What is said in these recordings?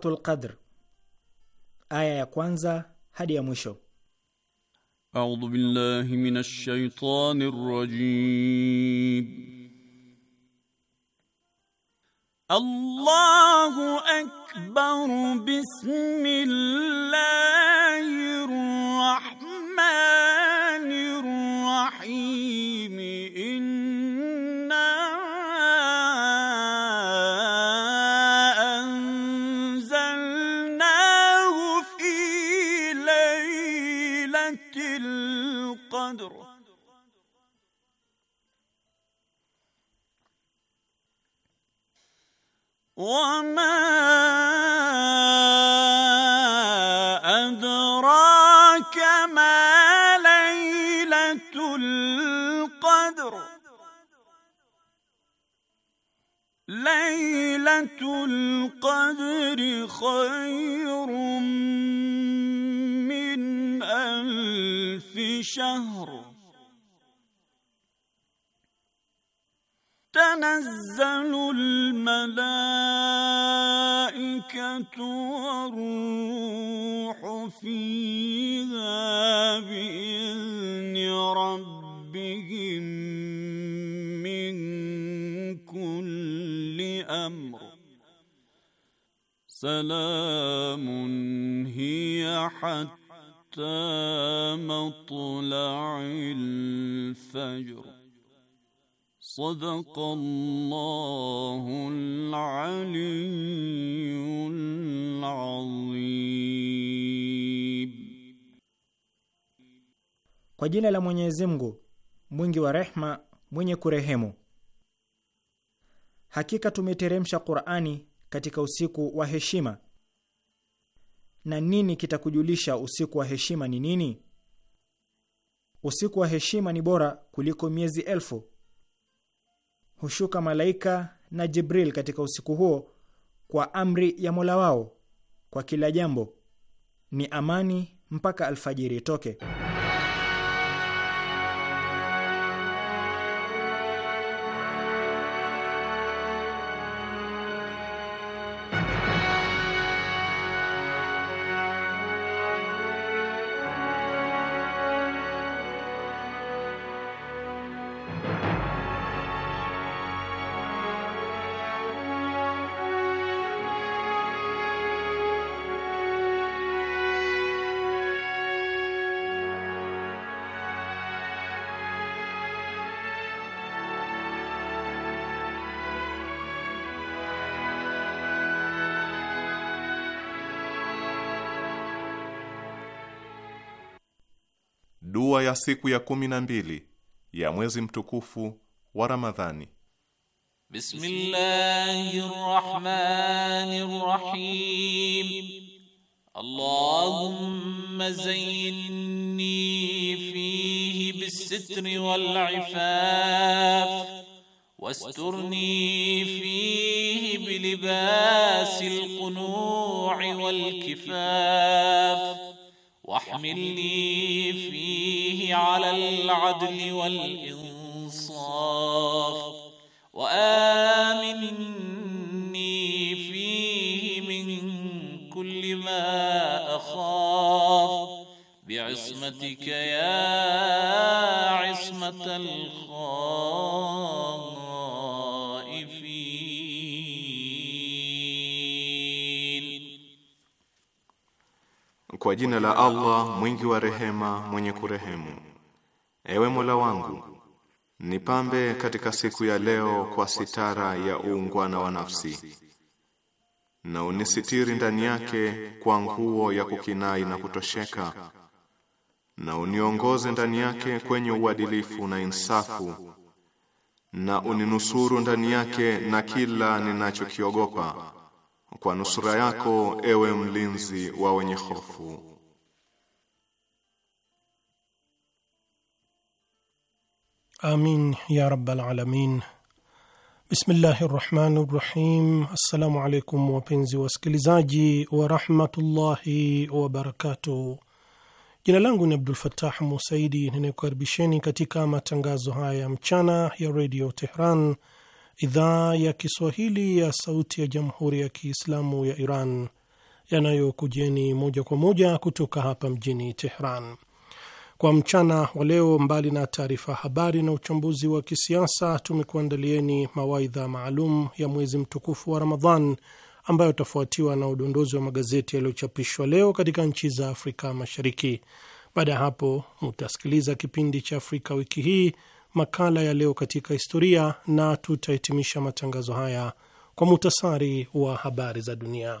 Suratul Qadr aya ya kwanza hadi ya mwisho. A'udhu billahi minash shaitanir rajim. Allahu akbar bismillah القدر خير من ألف شهر تنزل الملائكة والروح فيها بإذن ربهم من كل أمر سلام هي حتى مطلع الفجر صدق الله العلي العظيم Kwa jina la Mwenyezi Mungu mwingi wa rehma mwenye kurehemu. Hakika tumeteremsha Qur'ani katika usiku wa heshima. Na nini kitakujulisha usiku wa heshima ni nini? Usiku wa heshima ni bora kuliko miezi elfu. Hushuka malaika na Jibril katika usiku huo kwa amri ya Mola wao kwa kila jambo. Ni amani mpaka alfajiri itoke. dua ya siku ya kumi na mbili ya mwezi mtukufu wa Ramadhani. Bismillahirrahmanirrahim. Allahumma zayyinni fihi bis-sitri wal-'ifaf واسترني فيه بلباس القنوع والكفاف wahmilni fihi على العدل والإنصاف وآمني فيه من كل ما أخاف بعصمتك يا عصمة الخير Kwa jina la Allah mwingi wa rehema, mwenye kurehemu. Ewe Mola wangu, nipambe katika siku ya leo kwa sitara ya uungwana wa nafsi, na unisitiri ndani yake kwa nguo ya kukinai na kutosheka, na uniongoze ndani yake kwenye uadilifu na insafu, na uninusuru ndani yake na kila ninachokiogopa kwa nusura yako ewe mlinzi wa wenye hofu. Amin ya rabbal alamin. Bismillahi rahmani rahim. Assalamu alaikum wapenzi wasikilizaji wa rahmatullahi wabarakatuh. Jina langu ni Abdul Fattah Musaidi, ninakukaribisheni katika matangazo haya ya mchana ya redio Tehran idhaa ya Kiswahili ya Sauti ya Jamhuri ya Kiislamu ya Iran yanayokujeni moja kwa moja kutoka hapa mjini Tehran kwa mchana wa leo. Mbali na taarifa habari na uchambuzi wa kisiasa, tumekuandalieni mawaidha maalum ya mwezi mtukufu wa Ramadhan ambayo utafuatiwa na udondozi wa magazeti yaliyochapishwa leo katika nchi za Afrika Mashariki. Baada ya hapo, mutasikiliza kipindi cha Afrika wiki hii makala ya leo katika historia, na tutahitimisha matangazo haya kwa muhtasari wa habari za dunia.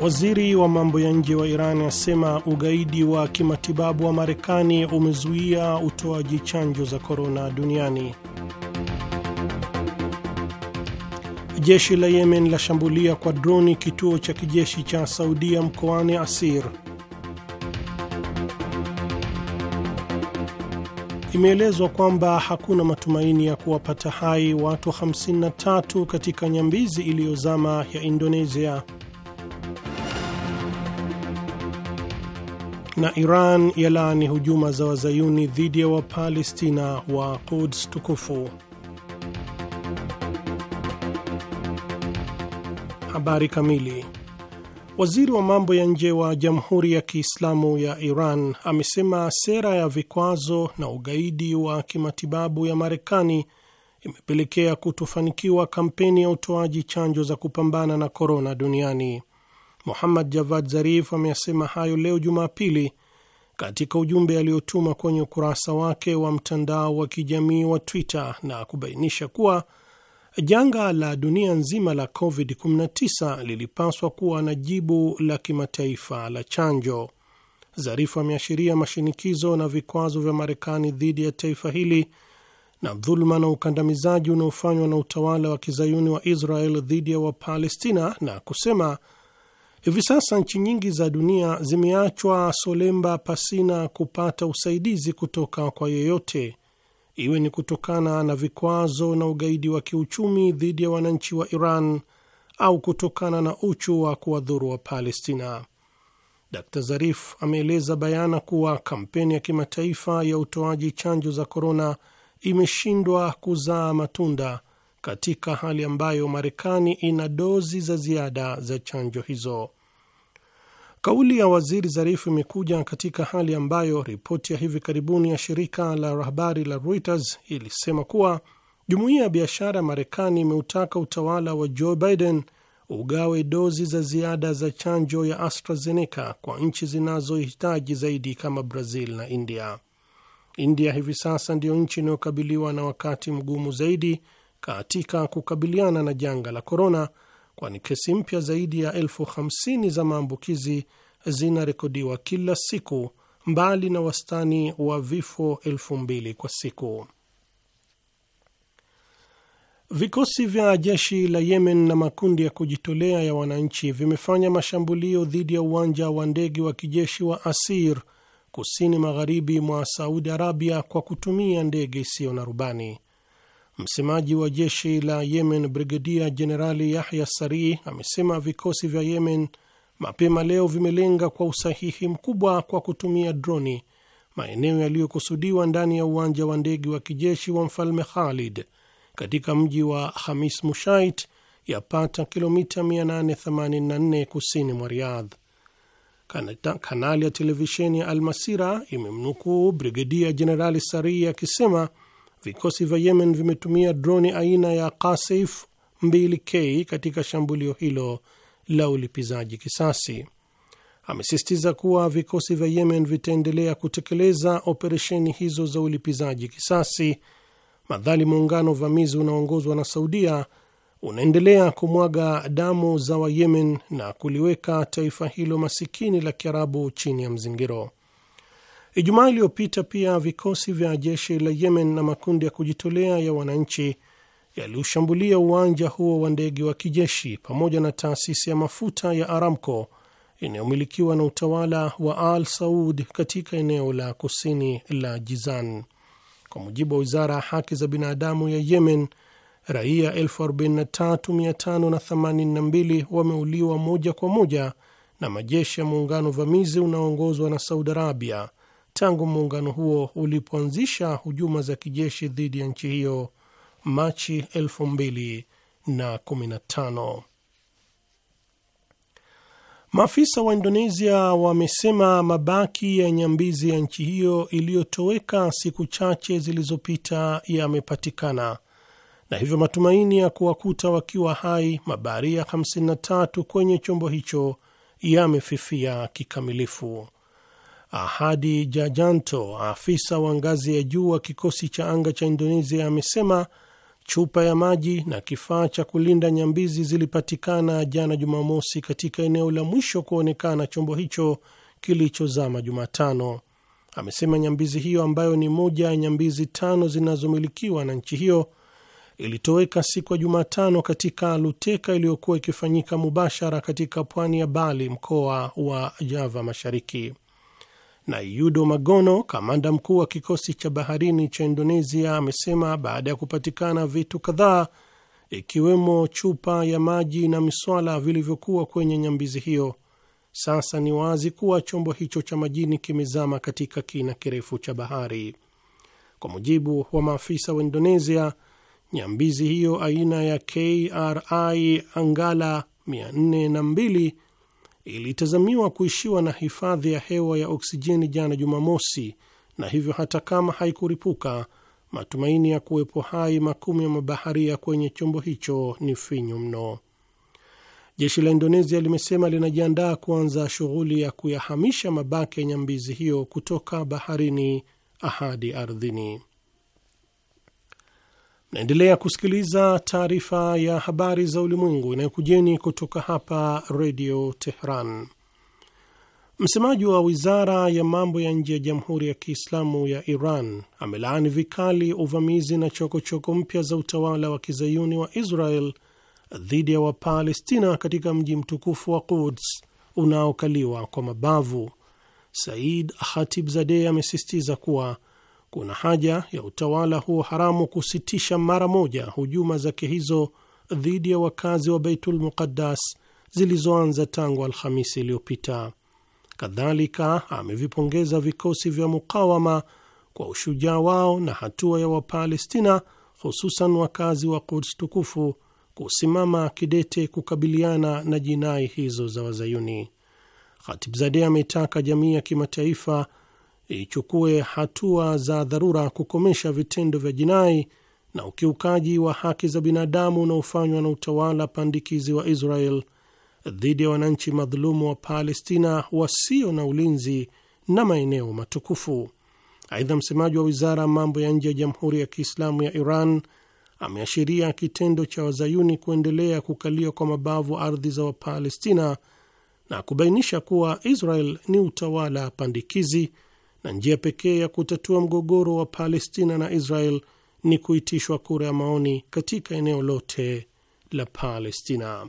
Waziri wa mambo ya nje wa Iran asema ugaidi wa kimatibabu wa Marekani umezuia utoaji chanjo za korona duniani. Jeshi la Yemen lashambulia kwa droni kituo cha kijeshi cha Saudia mkoani Asir. Imeelezwa kwamba hakuna matumaini ya kuwapata hai watu 53 katika nyambizi iliyozama ya Indonesia. na Iran yalaani hujuma za wazayuni dhidi ya wapalestina wa Quds tukufu. Habari kamili. Waziri wa mambo ya nje wa Jamhuri ya Kiislamu ya Iran amesema sera ya vikwazo na ugaidi wa kimatibabu ya Marekani imepelekea kutofanikiwa kampeni ya utoaji chanjo za kupambana na korona duniani. Muhammad Javad Zarif ameyasema hayo leo Jumapili katika ujumbe aliotuma kwenye ukurasa wake wa mtandao wa kijamii wa Twitter na kubainisha kuwa janga la dunia nzima la COVID-19 lilipaswa kuwa na jibu la kimataifa la chanjo. Zarifu ameashiria mashinikizo na vikwazo vya Marekani dhidi ya taifa hili na dhuluma na ukandamizaji unaofanywa na utawala wa kizayuni wa Israel dhidi ya Wapalestina na kusema Hivi sasa nchi nyingi za dunia zimeachwa solemba pasina kupata usaidizi kutoka kwa yeyote, iwe ni kutokana na vikwazo na ugaidi wa kiuchumi dhidi ya wananchi wa Iran au kutokana na uchu wa kuwadhuru wa Palestina. d Zarif ameeleza bayana kuwa kampeni ya kimataifa ya utoaji chanjo za korona imeshindwa kuzaa matunda katika hali ambayo Marekani ina dozi za ziada za chanjo hizo. Kauli ya waziri Zarifu imekuja katika hali ambayo ripoti ya hivi karibuni ya shirika la habari la Reuters ilisema kuwa jumuiya ya biashara ya Marekani imeutaka utawala wa Joe Biden ugawe dozi za ziada za chanjo ya AstraZeneca kwa nchi zinazohitaji zaidi kama Brazil na India. India hivi sasa ndiyo nchi inayokabiliwa na wakati mgumu zaidi katika kukabiliana na janga la korona, kwani kesi mpya zaidi ya elfu hamsini za maambukizi zinarekodiwa kila siku, mbali na wastani wa vifo elfu mbili kwa siku. Vikosi vya jeshi la Yemen na makundi ya kujitolea ya wananchi vimefanya mashambulio dhidi ya uwanja wa ndege wa kijeshi wa Asir kusini magharibi mwa Saudi Arabia kwa kutumia ndege isiyo na rubani. Msemaji wa jeshi la Yemen, Brigedia Jenerali Yahya Sari, amesema vikosi vya Yemen mapema leo vimelenga kwa usahihi mkubwa kwa kutumia droni maeneo yaliyokusudiwa ndani ya uwanja wa ndege wa kijeshi wa Mfalme Khalid katika mji wa Hamis Mushait, yapata kilomita 884 kusini mwa Riyadh. Kanali ya televisheni ya Almasira imemnukuu Brigedia Jenerali Sari akisema Vikosi vya Yemen vimetumia droni aina ya Kasif 2K katika shambulio hilo la ulipizaji kisasi. Amesisitiza kuwa vikosi vya Yemen vitaendelea kutekeleza operesheni hizo za ulipizaji kisasi madhali muungano vamizi unaoongozwa na Saudia unaendelea kumwaga damu za Wayemen na kuliweka taifa hilo masikini la Kiarabu chini ya mzingiro. Ijumaa iliyopita pia vikosi vya jeshi la Yemen na makundi ya kujitolea ya wananchi yaliushambulia uwanja huo wa ndege wa kijeshi pamoja na taasisi ya mafuta ya Aramco inayomilikiwa na utawala wa Al Saud katika eneo la kusini la Jizan. Kwa mujibu wa wizara ya haki za binadamu ya Yemen, raia 43582 wameuliwa moja kwa moja na majeshi ya muungano vamizi unaoongozwa na Saudi Arabia tangu muungano huo ulipoanzisha hujuma za kijeshi dhidi ya nchi hiyo Machi 2015. Maafisa wa Indonesia wamesema mabaki ya nyambizi ya nchi hiyo iliyotoweka siku chache zilizopita yamepatikana na hivyo matumaini ya kuwakuta wakiwa hai mabaharia 53 kwenye chombo hicho yamefifia kikamilifu. Ahadi Jajanto, afisa wa ngazi ya juu wa kikosi cha anga cha Indonesia, amesema chupa ya maji na kifaa cha kulinda nyambizi zilipatikana jana Jumamosi katika eneo la mwisho kuonekana chombo hicho kilichozama Jumatano. Amesema nyambizi hiyo ambayo ni moja ya nyambizi tano zinazomilikiwa na nchi hiyo ilitoweka siku ya Jumatano katika luteka iliyokuwa ikifanyika mubashara katika pwani ya Bali, mkoa wa Java Mashariki. Na Yudo Magono, kamanda mkuu wa kikosi cha baharini cha Indonesia, amesema baada ya kupatikana vitu kadhaa ikiwemo chupa ya maji na miswala vilivyokuwa kwenye nyambizi hiyo, sasa ni wazi kuwa chombo hicho cha majini kimezama katika kina kirefu cha bahari. Kwa mujibu wa maafisa wa Indonesia, nyambizi hiyo aina ya KRI angala 402 ilitazamiwa kuishiwa na hifadhi ya hewa ya oksijeni jana Jumamosi, na hivyo hata kama haikuripuka, matumaini ya kuwepo hai makumi ya mabaharia kwenye chombo hicho ni finyu mno. Jeshi la Indonesia limesema linajiandaa kuanza shughuli ya kuyahamisha mabaki ya nyambizi hiyo kutoka baharini hadi ardhini. Naendelea kusikiliza taarifa ya habari za ulimwengu inayokujeni kutoka hapa redio Tehran. Msemaji wa wizara ya mambo ya nje ya Jamhuri ya Kiislamu ya Iran amelaani vikali uvamizi na chokochoko mpya za utawala wa kizayuni wa Israel dhidi ya Wapalestina katika mji mtukufu wa Quds unaokaliwa kwa mabavu. Said Khatibzadeh amesisitiza kuwa kuna haja ya utawala huo haramu kusitisha mara moja hujuma zake hizo dhidi ya wakazi wa Baitul Muqaddas zilizoanza tangu Alhamisi iliyopita. Kadhalika amevipongeza vikosi vya mukawama kwa ushujaa wao na hatua ya Wapalestina, hususan wakazi wa kuds tukufu kusimama kidete kukabiliana na jinai hizo za Wazayuni. Khatibzadeh ametaka jamii ya kimataifa ichukue hatua za dharura kukomesha vitendo vya jinai na ukiukaji wa haki za binadamu unaofanywa na utawala pandikizi wa Israel dhidi ya wananchi madhulumu wa Palestina wasio na ulinzi na maeneo matukufu. Aidha, msemaji wa wizara ya mambo ya nje ya Jamhuri ya Kiislamu ya Iran ameashiria kitendo cha wazayuni kuendelea kukalia kwa mabavu ardhi za Wapalestina na kubainisha kuwa Israel ni utawala pandikizi na njia pekee ya kutatua mgogoro wa Palestina na Israel ni kuitishwa kura ya maoni katika eneo lote la Palestina.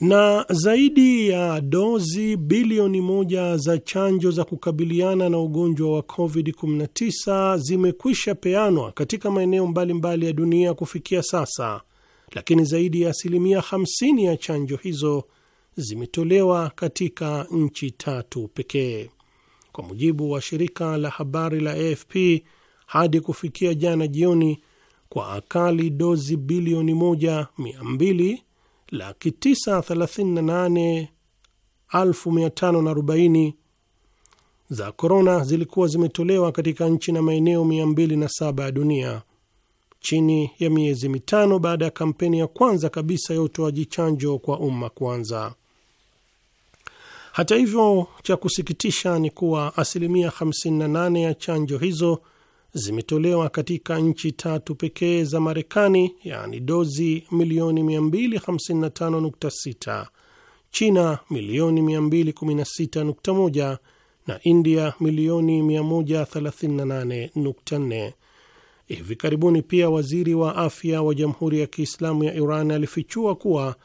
Na zaidi ya dozi bilioni moja za chanjo za kukabiliana na ugonjwa wa COVID-19 zimekwisha peanwa katika maeneo mbalimbali ya dunia kufikia sasa, lakini zaidi ya asilimia 50 ya chanjo hizo zimetolewa katika nchi tatu pekee. Kwa mujibu wa shirika la habari la AFP, hadi kufikia jana jioni, kwa akali dozi bilioni moja mia mbili laki tisa thelathini na nane elfu mia tano na arobaini za korona zilikuwa zimetolewa katika nchi na maeneo 207 ya dunia chini ya miezi mitano baada ya kampeni ya kwanza kabisa ya utoaji chanjo kwa umma kuanza. Hata hivyo, cha kusikitisha ni kuwa asilimia 58 ya chanjo hizo zimetolewa katika nchi tatu pekee za Marekani, yaani dozi milioni 255.6, China milioni 216.1 na India milioni 138.4. Hivi karibuni pia waziri wa afya wa Jamhuri ya Kiislamu ya Iran alifichua kuwa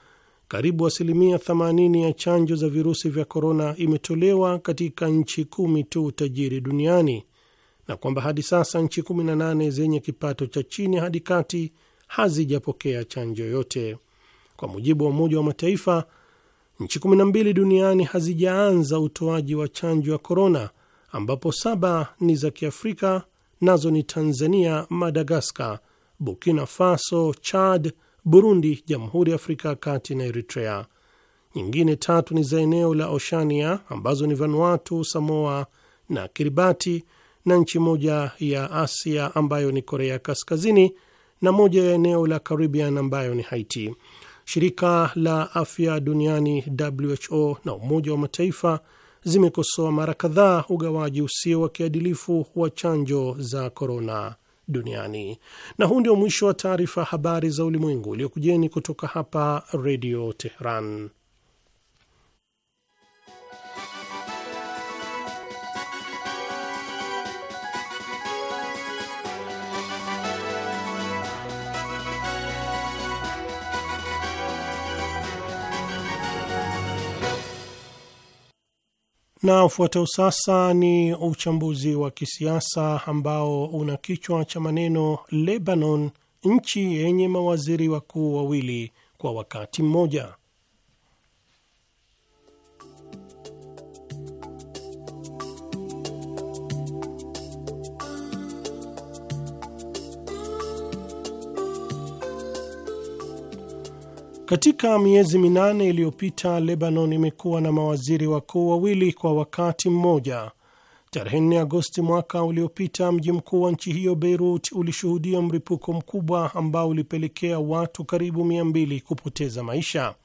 karibu asilimia 80 ya chanjo za virusi vya korona imetolewa katika nchi kumi tu tajiri duniani na kwamba hadi sasa nchi 18 zenye kipato cha chini hadi kati hazijapokea chanjo yote. Kwa mujibu wa Umoja wa Mataifa, nchi 12 duniani hazijaanza utoaji wa chanjo ya korona, ambapo saba ni za Kiafrika, nazo ni Tanzania, Madagaskar, Burkina Faso, Chad, Burundi, Jamhuri ya Afrika ya Kati na Eritrea. Nyingine tatu ni za eneo la Oshania ambazo ni Vanuatu, Samoa na Kiribati, na nchi moja ya Asia ambayo ni Korea Kaskazini na moja ya eneo la Caribbean ambayo ni Haiti. Shirika la Afya Duniani WHO na Umoja wa Mataifa zimekosoa mara kadhaa ugawaji usio wa kiadilifu wa chanjo za korona duniani. Na huu ndio mwisho wa taarifa habari za ulimwengu uliokujeni kutoka hapa Redio teheran Na ufuatao sasa ni uchambuzi wa kisiasa ambao una kichwa cha maneno Lebanon, nchi yenye mawaziri wakuu wawili kwa wakati mmoja. Katika miezi minane iliyopita, Lebanon imekuwa na mawaziri wakuu wawili kwa wakati mmoja. Tarehe nne Agosti mwaka uliopita, mji mkuu wa nchi hiyo Beirut ulishuhudia mlipuko mkubwa ambao ulipelekea watu karibu mbili kupoteza maisha.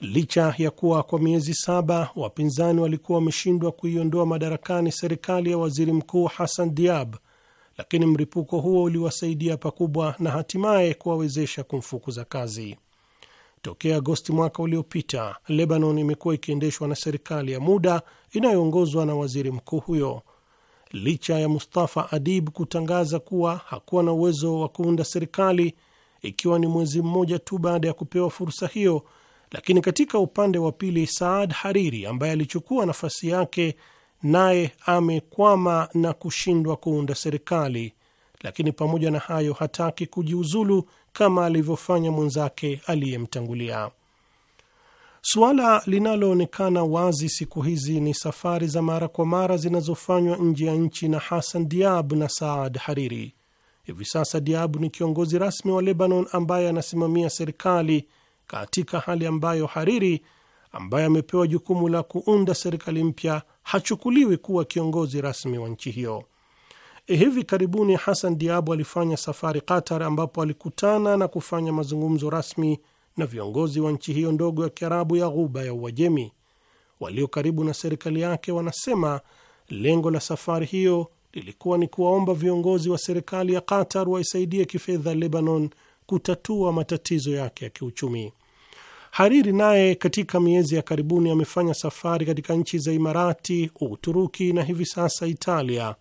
Licha ya kuwa kwa miezi saba wapinzani walikuwa wameshindwa kuiondoa madarakani serikali ya waziri mkuu Hassan Diab, lakini mlipuko huo uliwasaidia pakubwa na hatimaye kuwawezesha kumfukuza kazi. Tokea Agosti mwaka uliopita, Lebanon imekuwa ikiendeshwa na serikali ya muda inayoongozwa na waziri mkuu huyo. Licha ya Mustafa Adib kutangaza kuwa hakuwa na uwezo wa kuunda serikali, ikiwa ni mwezi mmoja tu baada ya kupewa fursa hiyo, lakini katika upande wa pili, Saad Hariri ambaye alichukua nafasi yake naye amekwama na kushindwa kuunda serikali, lakini pamoja na hayo hataki kujiuzulu kama alivyofanya mwenzake aliyemtangulia. Suala linaloonekana wazi siku hizi ni safari za mara kwa mara zinazofanywa nje ya nchi na hasan Diab na Saad Hariri. Hivi sasa Diab ni kiongozi rasmi wa Lebanon ambaye anasimamia serikali katika hali ambayo Hariri ambaye amepewa jukumu la kuunda serikali mpya hachukuliwi kuwa kiongozi rasmi wa nchi hiyo. Hivi karibuni Hassan diabo alifanya safari Qatar, ambapo alikutana na kufanya mazungumzo rasmi na viongozi wa nchi hiyo ndogo ya Kiarabu ya Ghuba ya Uajemi. Walio karibu na serikali yake wanasema lengo la safari hiyo lilikuwa ni kuwaomba viongozi wa serikali ya Qatar waisaidie kifedha Lebanon kutatua matatizo yake ya kiuchumi. Hariri naye katika miezi ya karibuni amefanya safari katika nchi za Imarati, Uturuki na hivi sasa Italia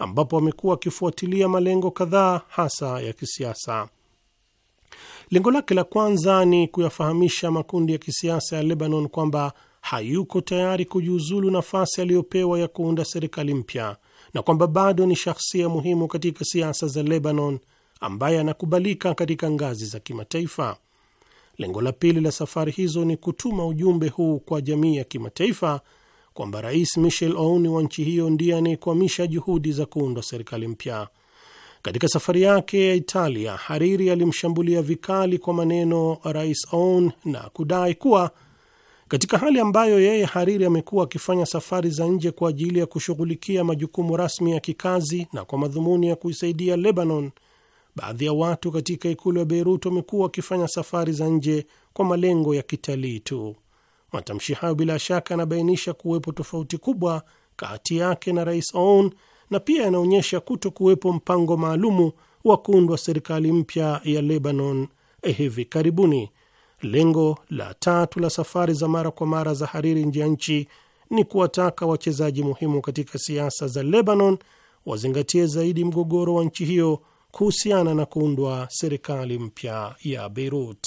ambapo amekuwa akifuatilia malengo kadhaa hasa ya kisiasa. Lengo lake la kwanza ni kuyafahamisha makundi ya kisiasa ya Lebanon kwamba hayuko tayari kujiuzulu nafasi aliyopewa ya kuunda serikali mpya na kwamba bado ni shahsia muhimu katika siasa za Lebanon ambaye anakubalika katika ngazi za kimataifa. Lengo la pili la safari hizo ni kutuma ujumbe huu kwa jamii ya kimataifa kwamba Rais Michel Aoun wa nchi hiyo ndiye anayekwamisha juhudi za kuundwa serikali mpya. Katika safari yake ya Italia, Hariri alimshambulia vikali kwa maneno Rais Aoun na kudai kuwa katika hali ambayo yeye Hariri amekuwa akifanya safari za nje kwa ajili ya kushughulikia majukumu rasmi ya kikazi na kwa madhumuni ya kuisaidia Lebanon, baadhi ya watu katika ikulu ya Beirut wamekuwa wakifanya safari za nje kwa malengo ya kitalii tu. Matamshi hayo bila shaka yanabainisha kuwepo tofauti kubwa kati yake na Rais Aoun na pia yanaonyesha kuto kuwepo mpango maalumu wa kuundwa serikali mpya ya Lebanon hivi karibuni. Lengo la tatu la safari za mara kwa mara za Hariri nje ya nchi ni kuwataka wachezaji muhimu katika siasa za Lebanon wazingatie zaidi mgogoro wa nchi hiyo kuhusiana na kuundwa serikali mpya ya Beirut.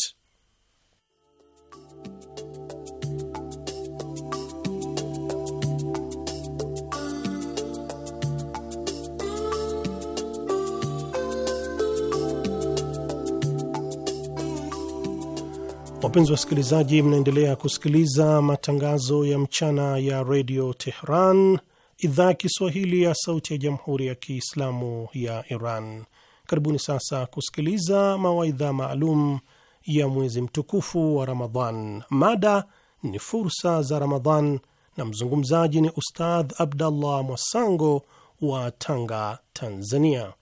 Wapenzi wasikilizaji, mnaendelea kusikiliza matangazo ya mchana ya redio Tehran, idhaa ya Kiswahili ya sauti ya jamhuri ya Kiislamu ya Iran. Karibuni sasa kusikiliza mawaidha maalum ya mwezi mtukufu wa Ramadhan. Mada ni fursa za Ramadhan na mzungumzaji ni Ustadh Abdallah Mwasango wa Tanga, Tanzania.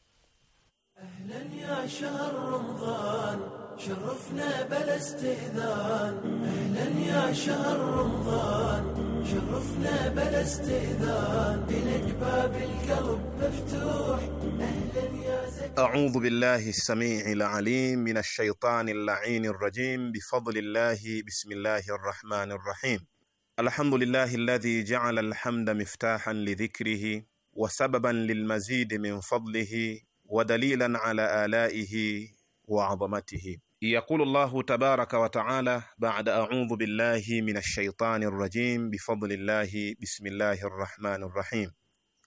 Ahlan ya شرفنا بلا استئذان اهلا يا شهر رمضان شرفنا بلا استئذان لك باب القلب مفتوح اهلا يا اعوذ بالله السميع العليم من الشيطان اللعين الرجيم بفضل الله بسم الله الرحمن الرحيم الحمد لله الذي جعل الحمد مفتاحا لذكره وسببا للمزيد من فضله ودليلا على آلائه وعظمته يقول الله تبارك وتعالى بعد أعوذ بالله من الشيطان الرجيم بفضل الله بسم الله الرحمن الرحيم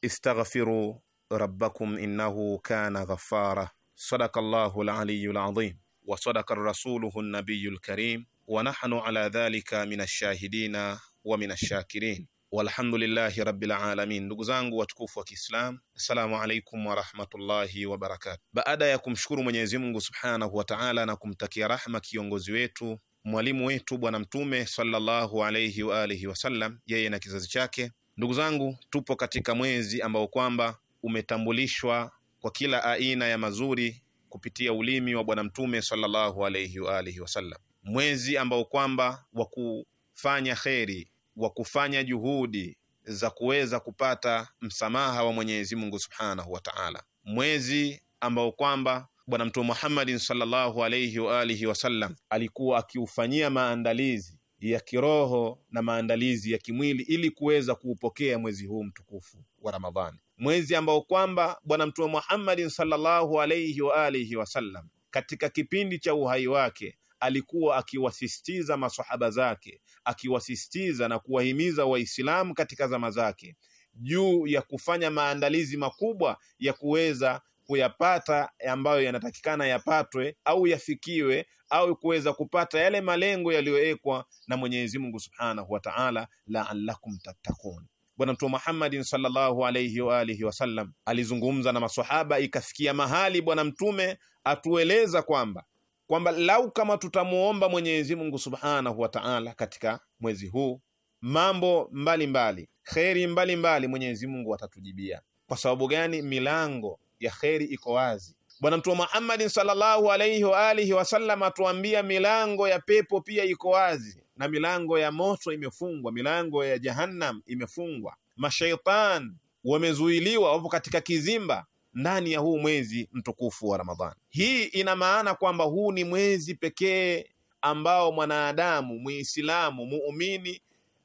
استغفروا ربكم إنه كان غفارا صدق الله العلي العظيم وصدق رسوله النبي الكريم ونحن على ذلك من الشاهدين ومن الشاكرين walhamdulillahi rabbil alamin. Ndugu zangu watukufu wa Kiislam, assalamu alaikum warahmatullahi wabarakatu. Baada ya kumshukuru Mwenyezi Mungu subhanahu wa taala na kumtakia rahma kiongozi wetu mwalimu wetu Bwana Mtume sallallahu alaihi wa alihi wasallam, yeye na kizazi chake, ndugu zangu, tupo katika mwezi ambao kwamba umetambulishwa kwa kila aina ya mazuri kupitia ulimi wa Bwana Mtume sallallahu alaihi wa alihi wasallam, mwezi ambao kwamba wa kufanya kheri wa kufanya juhudi za kuweza kupata msamaha wa Mwenyezi Mungu Subhanahu wa Ta'ala, mwezi ambao kwamba Bwana Mtume Muhammadin sallallahu alayhi wa alihi wasallam alikuwa akiufanyia maandalizi ya kiroho na maandalizi ya kimwili ili kuweza kuupokea mwezi huu mtukufu wa Ramadhani, mwezi ambao kwamba Bwana Mtume Muhammadin sallallahu alayhi wa alihi wasallam katika kipindi cha uhai wake alikuwa akiwasisitiza masahaba zake, akiwasisitiza na kuwahimiza Waislamu katika zama zake juu ya kufanya maandalizi makubwa ya kuweza kuyapata ambayo yanatakikana yapatwe au yafikiwe au kuweza kupata yale malengo yaliyowekwa na Mwenyezi Mungu Subhanahu wa Ta'ala, la'allakum tattaqun. Bwana Mtume Muhammad sallallahu alayhi wa alihi wasallam alizungumza na maswahaba, ikafikia mahali Bwana Mtume atueleza kwamba kwamba lau kama tutamuomba Mwenyezi Mungu Subhanahu wa Ta'ala katika mwezi huu mambo mbalimbali, kheri mbalimbali, Mwenyezi Mungu atatujibia. Kwa sababu gani? Milango ya kheri iko wazi. Bwana Mtume muhammadin salllahu alaihi waalihi wasallam atuambia milango ya pepo pia iko wazi na milango ya moto imefungwa, milango ya Jahannam imefungwa. Mashaitan wamezuiliwa, wapo katika kizimba ndani ya huu mwezi mtukufu wa Ramadhani. Hii ina maana kwamba huu ni mwezi pekee ambao mwanadamu Muislamu muumini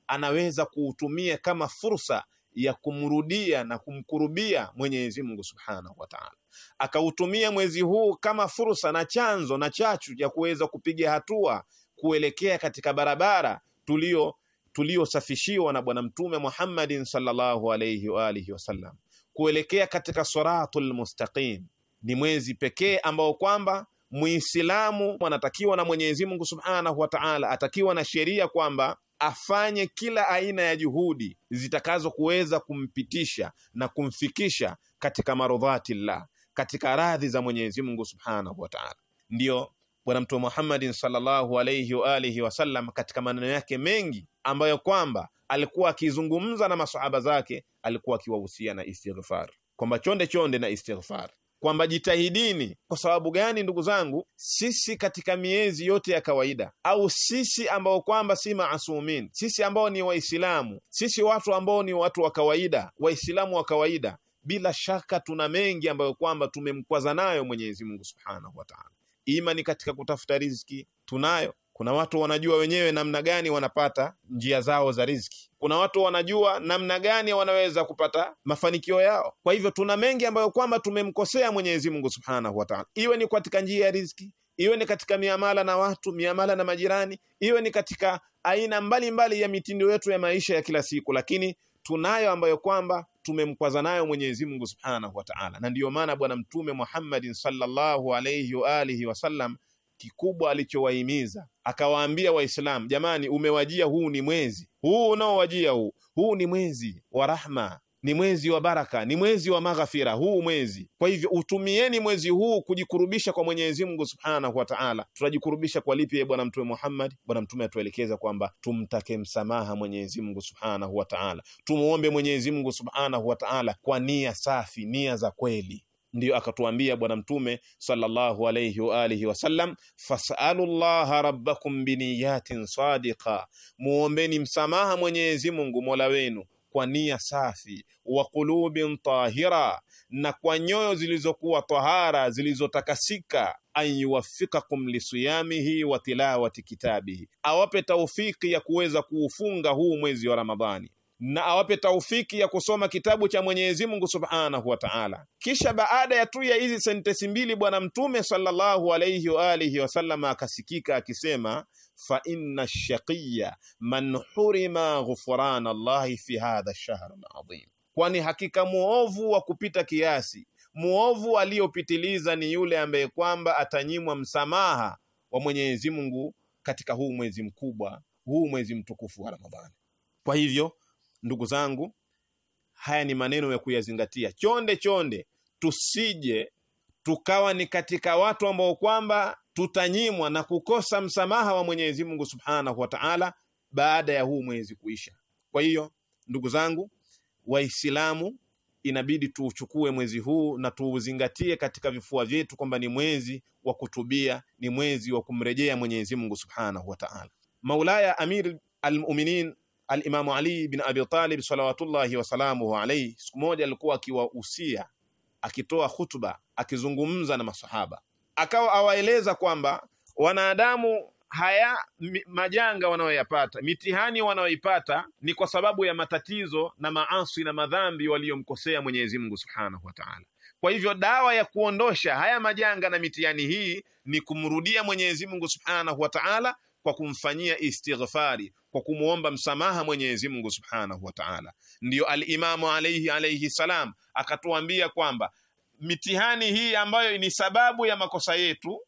anaweza kuutumia kama fursa ya kumrudia na kumkurubia Mwenyezi Mungu Subhanahu wa Ta'ala, akautumia mwezi huu kama fursa na chanzo na chachu ya kuweza kupiga hatua kuelekea katika barabara tulio tuliosafishiwa na Bwana Mtume Muhammadin sallallahu alayhi wa alihi wasallam kuelekea katika siratul mustaqim. Ni mwezi pekee ambao kwamba Muislamu anatakiwa na Mwenyezi Mungu Subhanahu wa Ta'ala, atakiwa na sheria kwamba afanye kila aina ya juhudi zitakazo kuweza kumpitisha na kumfikisha katika marudhatillah, katika radhi za Mwenyezi Mungu Subhanahu wa Ta'ala. Ndiyo Bwana Mtume Muhammadin sallallahu alayhi wa alihi wasallam katika maneno yake mengi ambayo kwamba alikuwa akizungumza na masahaba zake, alikuwa akiwahusia na istighfar, kwamba chonde chonde na istighfar, kwamba jitahidini. Kwa sababu gani? Ndugu zangu, sisi katika miezi yote ya kawaida, au sisi ambao kwamba si maasumin, sisi ambao ni Waislamu, sisi watu ambao ni watu wa kawaida, Waislamu wa kawaida, bila shaka tuna mengi ambayo kwamba tumemkwaza nayo Mwenyezi Mungu subhanahu wataala Ima ni katika kutafuta riziki, tunayo kuna watu wanajua wenyewe namna gani wanapata njia zao za riziki. Kuna watu wanajua namna gani wanaweza kupata mafanikio yao. Kwa hivyo tuna mengi ambayo kwamba tumemkosea Mwenyezi Mungu Subhanahu wataala iwe ni katika njia ya riziki, iwe ni katika miamala na watu, miamala na majirani, iwe ni katika aina mbalimbali mbali ya mitindo yetu ya maisha ya kila siku, lakini tunayo ambayo kwamba tumemkwaza nayo Mwenyezi Mungu Subhanahu wataala na ndiyo maana Bwana Mtume Muhammadin sallallahu kikubwa alichowahimiza akawaambia Waislamu, jamani, umewajia huu ni mwezi huu unaowajia huu, huu ni mwezi wa rahma, ni mwezi wa baraka, ni mwezi wa maghfira huu mwezi. Kwa hivyo utumieni mwezi huu kujikurubisha kwa Mwenyezi Mungu Subhanahu wa Ta'ala. Tutajikurubisha kwa lipi? E Bwana Mtume Muhammad, Bwana Mtume atuelekeza kwamba tumtake msamaha Mwenyezi Mungu Subhanahu wa Ta'ala, tumuombe Mwenyezi Mungu Subhanahu wa Ta'ala kwa nia safi, nia za kweli. Ndiyo akatuambia Bwana Mtume sallallahu alayhi wa alihi wasallam, fasalu llaha rabbakum biniyatin sadiqa, muombeni msamaha Mwenyezi Mungu mola wenu kwa nia safi, wa qulubin tahira, na kwa nyoyo zilizokuwa tahara zilizotakasika an yuwaffiqakum lisiyamihi wa tilawati kitabihi, awape taufiki ya kuweza kuufunga huu mwezi wa Ramadhani na awape taufiki ya kusoma kitabu cha Mwenyezi Mungu Subhanahu wa Ta'ala. Kisha baada ya tu ya hizi sentensi mbili, Bwana Mtume sallallahu alayhi wa alihi wasallam akasikika akisema, fa inna shaqiya man hurima ghufran Allahi fi hadha ash-shahr al-azim, kwani hakika muovu wa kupita kiasi, muovu aliyopitiliza ni yule ambaye kwamba atanyimwa msamaha wa Mwenyezi Mungu katika huu mwezi mkubwa, huu mwezi mtukufu wa Ramadhani. Kwa hivyo ndugu zangu haya ni maneno ya kuyazingatia chonde chonde tusije tukawa ni katika watu ambao kwamba tutanyimwa na kukosa msamaha wa Mwenyezi Mungu Subhanahu wa Ta'ala baada ya huu mwezi kuisha. Kwa hiyo ndugu zangu Waislamu, inabidi tuuchukue mwezi huu na tuuzingatie katika vifua vyetu kwamba ni mwezi wa kutubia, ni mwezi wa kumrejea Mwenyezi Mungu Subhanahu wa Ta'ala. Maulaya Amir al-Mu'minin Alimamu Ali bin Abi Talib salawatullahi wasalamuhu alaihi, siku moja alikuwa akiwahusia, akitoa khutba akizungumza na masahaba, akawa awaeleza kwamba wanadamu haya majanga wanayoyapata, mitihani wanayoipata ni kwa sababu ya matatizo na maasi na madhambi waliyomkosea Mwenyezi Mungu Subhanahu wa Ta'ala. Kwa hivyo dawa ya kuondosha haya majanga na mitihani hii ni kumrudia Mwenyezi Mungu Subhanahu wa Ta'ala kwa kumfanyia istighfari, kwa kumwomba msamaha Mwenyezi Mungu Subhanahu wa Ta'ala. Ndiyo Alimamu alayhi alayhi salam akatuambia kwamba mitihani hii ambayo ni sababu ya makosa yetu,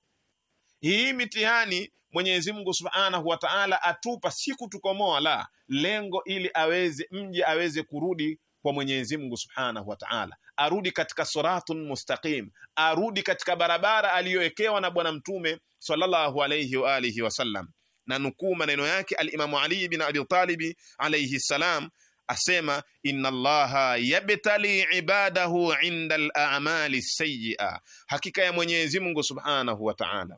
hii mitihani Mwenyezi Mungu Subhanahu wa Ta'ala atupa si kutukomoa, la lengo, ili aweze mje aweze kurudi kwa Mwenyezi Mungu Subhanahu wa Ta'ala, arudi katika siratun mustaqim, arudi katika barabara aliyowekewa na Bwana Mtume sallallahu alayhi wa alihi wasallam na nukuu maneno yake alimamu Ali bin Abi Talib alayhi salam asema inna allaha yabtali ibadahu inda al-a'mali sayyi'a, hakika ya Mwenyezi Mungu subhanahu wa ta'ala,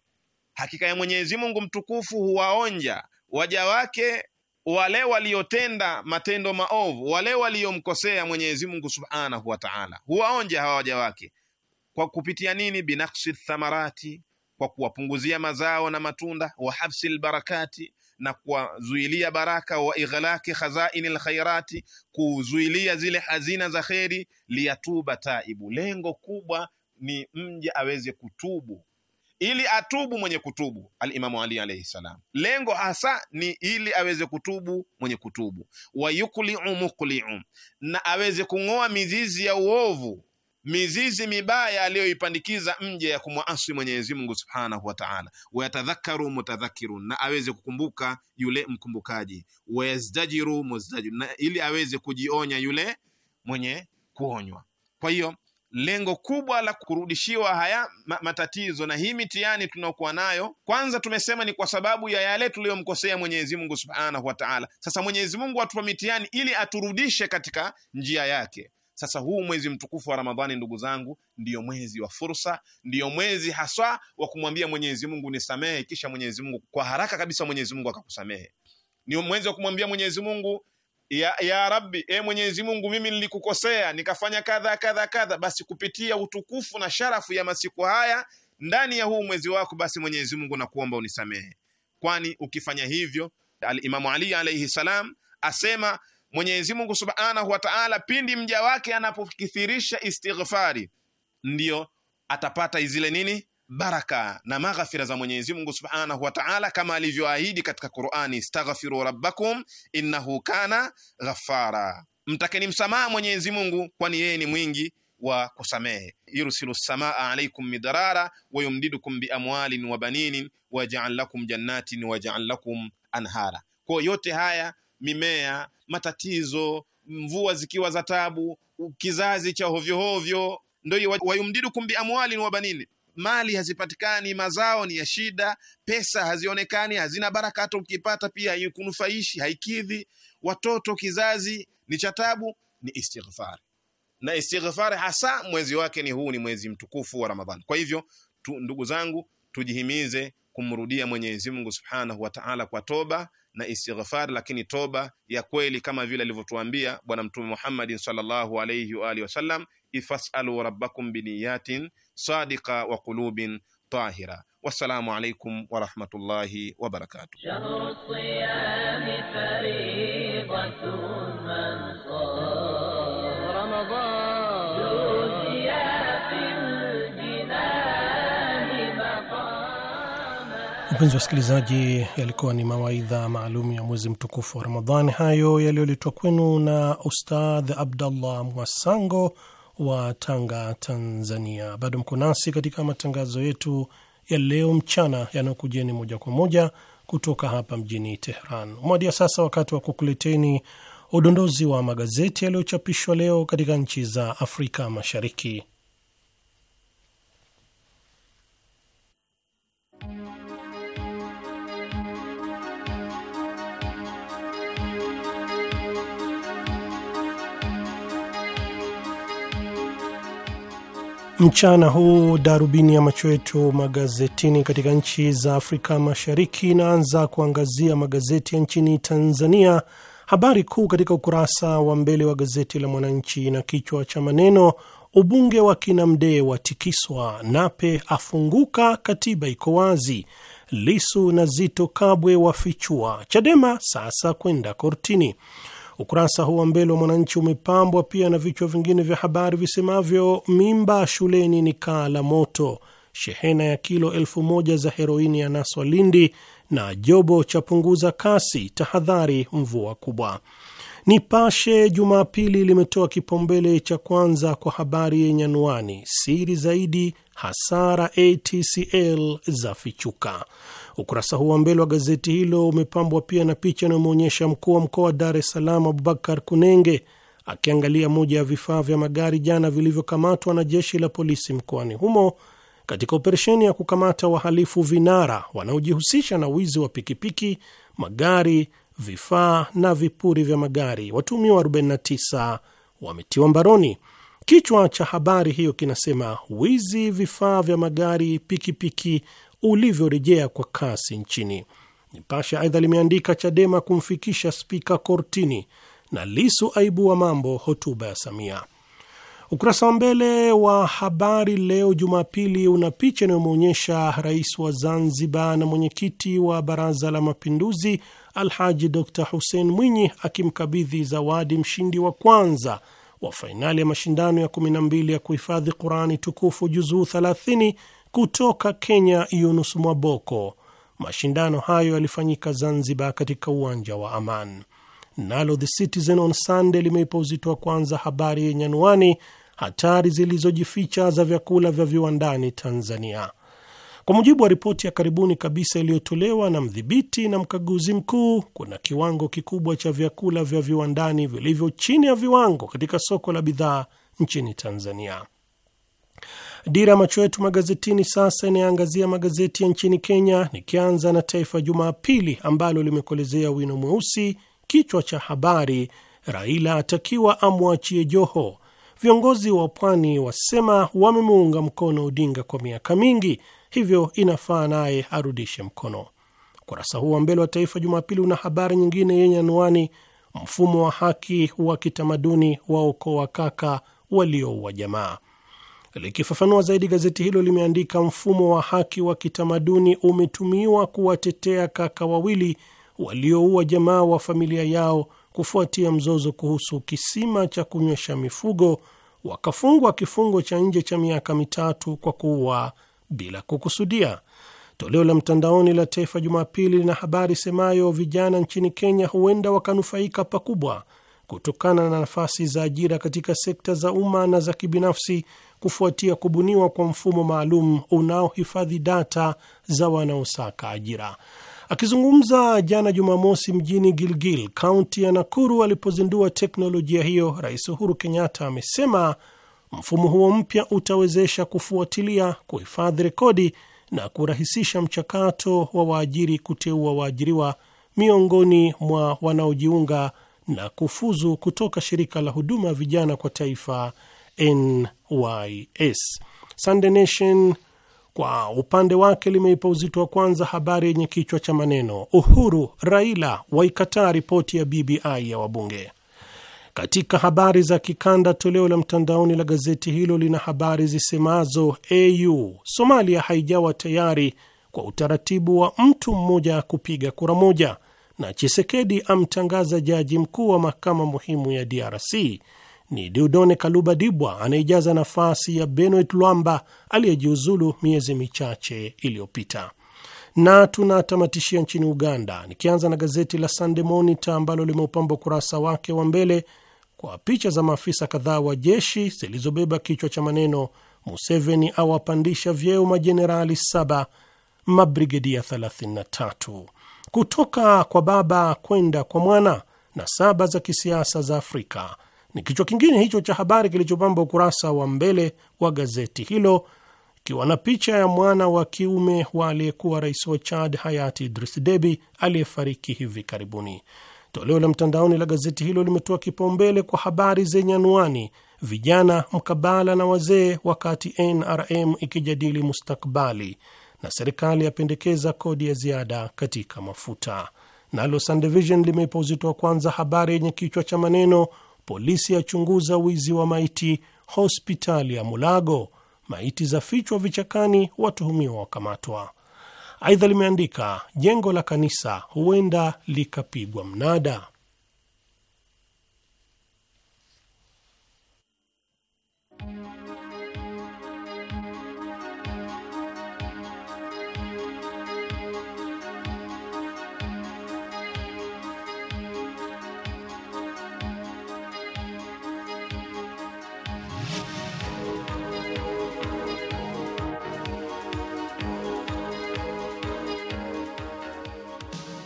hakika ya Mwenyezi Mungu mtukufu huwaonja waja wake wale waliotenda matendo maovu, wale waliomkosea Mwenyezi Mungu subhanahu wa ta'ala, huwaonja hawa waja wake kwa kupitia nini? Binaksi thamarati kwa kuwapunguzia mazao na matunda, wa habsi lbarakati na kuwazuilia baraka, wa ighlaqi khazaini lkhairati, kuzuilia zile hazina za kheri. Liyatuba taibu, lengo kubwa ni mje aweze kutubu, ili atubu mwenye kutubu. Alimamu Ali alaihi salam, lengo hasa ni ili aweze kutubu mwenye kutubu. Wayukliu mukliu, na aweze kung'oa mizizi ya uovu mizizi mibaya aliyoipandikiza mje ya kumwasi Mwenyezi Mungu Subhanahu wa Ta'ala. Wayatadhakaru mutadhakiru na aweze kukumbuka yule mkumbukaji. Wayazdajiru muzdajiru, na ili aweze kujionya yule mwenye kuonywa. Kwa hiyo lengo kubwa la kurudishiwa haya matatizo na hii mitihani tunaokuwa nayo, kwanza tumesema ni kwa sababu ya yale tuliyomkosea Mwenyezi Mungu Subhanahu wa Ta'ala. Sasa Mwenyezi Mungu atupa mitihani ili aturudishe katika njia yake. Sasa huu mwezi mtukufu wa Ramadhani, ndugu zangu, ndiyo mwezi wa fursa, ndiyo mwezi haswa wa kumwambia Mwenyezi Mungu nisamehe, kisha Mwenyezi Mungu kwa haraka kabisa Mwenyezi Mungu akakusamehe. Ni mwezi wa kumwambia Mwenyezi Mungu ya, ya Rabbi, e Mwenyezi Mungu, mimi nilikukosea nikafanya kadha kadha kadha. Basi kupitia utukufu na sharafu ya masiku haya ndani ya huu mwezi wako, basi Mwenyezi Mungu nakuomba unisamehe, kwani ukifanya hivyo Alimamu Ali alaihi salam asema Mwenyezi Mungu Subhanahu wa Ta'ala pindi mja wake anapokithirisha istighfari, ndiyo atapata zile nini baraka na maghfira za Mwenyezi Mungu Subhanahu wa Ta'ala, kama alivyoahidi katika Qur'ani, istaghfiru rabbakum innahu kana ghaffara, mtakeni msamaha Mwenyezi Mungu, kwani yeye ni mwingi wa kusamehe. yursilu samaa alaykum midarara wa yumdidukum bi amwalin wa baninin ja'al lakum jannatin ja'al lakum anhara. Kwa yote haya mimea matatizo, mvua zikiwa za tabu, kizazi cha hovyohovyo. ndo hiyo kumbi amwali ni banini, mali hazipatikani, mazao ni ya shida, pesa hazionekani, hazina baraka. Hata ukipata pia haikunufaishi, haikidhi. Watoto, kizazi ni cha tabu. Ni istighfar na istighfari, hasa mwezi wake ni huu, ni mwezi mtukufu wa Ramadhani. Kwa hivyo tu, ndugu zangu, tujihimize kumrudia Mwenyezi Mungu Subhanahu wa Ta'ala kwa toba na istighfar, lakini toba ya kweli kama vile alivyotuambia Bwana Mtume Muhammadin sallallahu alayhi wa alihi wasallam, ifasalu rabbakum biniyatin sadiqa wa qulubin tahira. Wassalamu alaykum wa rahmatullahi wa barakatuh. wa wasikilizaji, yalikuwa ni mawaidha maalum ya mwezi mtukufu wa Ramadhani, hayo yaliyoletwa kwenu na Ustadh Abdallah Mwasango wa Tanga, Tanzania. Bado mko nasi katika matangazo yetu ya leo mchana yanayokujeni moja kwa moja kutoka hapa mjini Tehran. Umewadia sasa wakati wa kukuleteni udondozi wa magazeti yaliyochapishwa leo katika nchi za Afrika Mashariki. Mchana huu darubini ya macho yetu magazetini katika nchi za Afrika Mashariki inaanza kuangazia magazeti ya nchini Tanzania. Habari kuu katika ukurasa wa mbele wa gazeti la Mwananchi na kichwa cha maneno ubunge wa kinamdee watikiswa, Nape afunguka, katiba iko wazi, Lisu na Zito Kabwe wafichua, Chadema sasa kwenda kortini. Ukurasa huu wa mbele wa Mwananchi umepambwa pia na vichwa vingine vya habari visemavyo: mimba shuleni ni kaa la moto, shehena ya kilo elfu moja za heroini ya naswa Lindi, na jobo chapunguza kasi, tahadhari mvua kubwa. Nipashe Jumapili limetoa kipaumbele cha kwanza kwa habari yenye anwani siri zaidi, hasara ATCL za fichuka. Ukurasa huu wa mbele wa gazeti hilo umepambwa pia na picha inayomwonyesha mkuu wa mkoa wa Dar es Salaam Abubakar Kunenge akiangalia moja ya vifaa vya magari jana vilivyokamatwa na jeshi la polisi mkoani humo katika operesheni ya kukamata wahalifu vinara wanaojihusisha na wizi wa pikipiki, magari, vifaa na vipuri vya magari. Watumiwa 49 wametiwa mbaroni. Kichwa cha habari hiyo kinasema wizi vifaa vya magari, pikipiki, ulivyorejea kwa kasi nchini. Nipasha aidha limeandika Chadema kumfikisha spika kortini na Lisu aibua mambo hotuba ya Samia. Ukurasa wa mbele wa habari leo Jumapili una picha inayomwonyesha rais wa Zanzibar na mwenyekiti wa baraza la mapinduzi Alhaji Dr Hussein Mwinyi akimkabidhi zawadi mshindi wa kwanza wa fainali ya mashindano ya 12 ya kuhifadhi Qurani tukufu juzuu kutoka Kenya, Yunus Mwaboko. Mashindano hayo yalifanyika Zanzibar katika uwanja wa Aman. Nalo The Citizen on Sunday limeipa uzito wa kwanza habari yenye anwani hatari zilizojificha za vyakula vya viwandani Tanzania. Kwa mujibu wa ripoti ya karibuni kabisa iliyotolewa na mdhibiti na mkaguzi mkuu, kuna kiwango kikubwa cha vyakula vya viwandani vilivyo chini ya viwango katika soko la bidhaa nchini Tanzania. Dira macho yetu magazetini sasa inayoangazia magazeti ya nchini Kenya, nikianza na Taifa Jumapili ambalo limekolezea wino mweusi kichwa cha habari, Raila atakiwa amwachie Joho. Viongozi wa pwani wasema wamemuunga mkono Odinga kwa miaka mingi, hivyo inafaa naye arudishe mkono. Ukurasa huu wa mbele wa Taifa Jumapili una habari nyingine yenye anuani, mfumo wa haki wa kitamaduni waokoa kaka waliouwa jamaa. Likifafanua zaidi, gazeti hilo limeandika mfumo wa haki wa kitamaduni umetumiwa kuwatetea kaka wawili walioua jamaa wa familia yao kufuatia mzozo kuhusu kisima cha kunywesha mifugo, wakafungwa kifungo cha nje cha miaka mitatu kwa kuua bila kukusudia. Toleo la mtandaoni la Taifa Jumapili lina habari semayo vijana nchini Kenya huenda wakanufaika pakubwa kutokana na nafasi za ajira katika sekta za umma na za kibinafsi kufuatia kubuniwa kwa mfumo maalum unaohifadhi data za wanaosaka ajira. Akizungumza jana Jumamosi mjini Gilgil, kaunti ya Nakuru, alipozindua teknolojia hiyo, Rais Uhuru Kenyatta amesema mfumo huo mpya utawezesha kufuatilia, kuhifadhi rekodi na kurahisisha mchakato wa waajiri kuteua waajiriwa miongoni mwa wanaojiunga na kufuzu kutoka shirika la huduma ya vijana kwa taifa NYS. Sunday Nation kwa upande wake limeipa uzito wa kwanza habari yenye kichwa cha maneno Uhuru Raila waikataa ripoti ya BBI ya wabunge. Katika habari za kikanda, toleo la mtandaoni la gazeti hilo lina habari zisemazo AU Somalia haijawa tayari kwa utaratibu wa mtu mmoja kupiga kura moja na Chisekedi amtangaza jaji mkuu wa mahakama muhimu ya DRC ni diudone Kaluba Dibwa anayejaza nafasi ya Benoit Lwamba aliyejiuzulu miezi michache iliyopita. Na tunatamatishia nchini Uganda, nikianza na gazeti la Sunday Monitor ambalo limeupamba ukurasa wake wa mbele kwa picha za maafisa kadhaa wa jeshi zilizobeba kichwa cha maneno Museveni awapandisha vyeo majenerali saba mabrigedia 33 kutoka kwa baba kwenda kwa mwana na saba za kisiasa za Afrika ni kichwa kingine hicho cha habari kilichopamba ukurasa wa mbele wa gazeti hilo, ikiwa na picha ya mwana wa kiume wa aliyekuwa rais wa Chad hayati Idris Deby aliyefariki hivi karibuni. Toleo la mtandaoni la gazeti hilo limetoa kipaumbele kwa habari zenye anwani vijana mkabala na wazee, wakati NRM ikijadili mustakbali na serikali yapendekeza kodi ya ziada katika mafuta. Nalo Sunday Vision limeipa uzito wa kwanza habari yenye kichwa cha maneno polisi yachunguza wizi wa maiti hospitali ya Mulago, maiti za fichwa vichakani, watuhumiwa wakamatwa. Aidha limeandika jengo la kanisa huenda likapigwa mnada.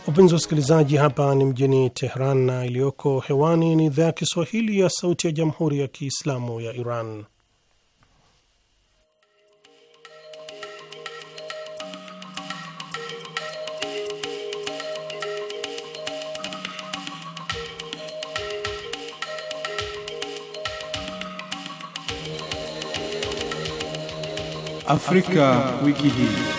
Wapenzi wasikilizaji, hapa ni mjini Tehran na iliyoko hewani ni idhaa ya Kiswahili ya Sauti ya Jamhuri ya Kiislamu ya Iran. Afrika, Afrika. Wiki hii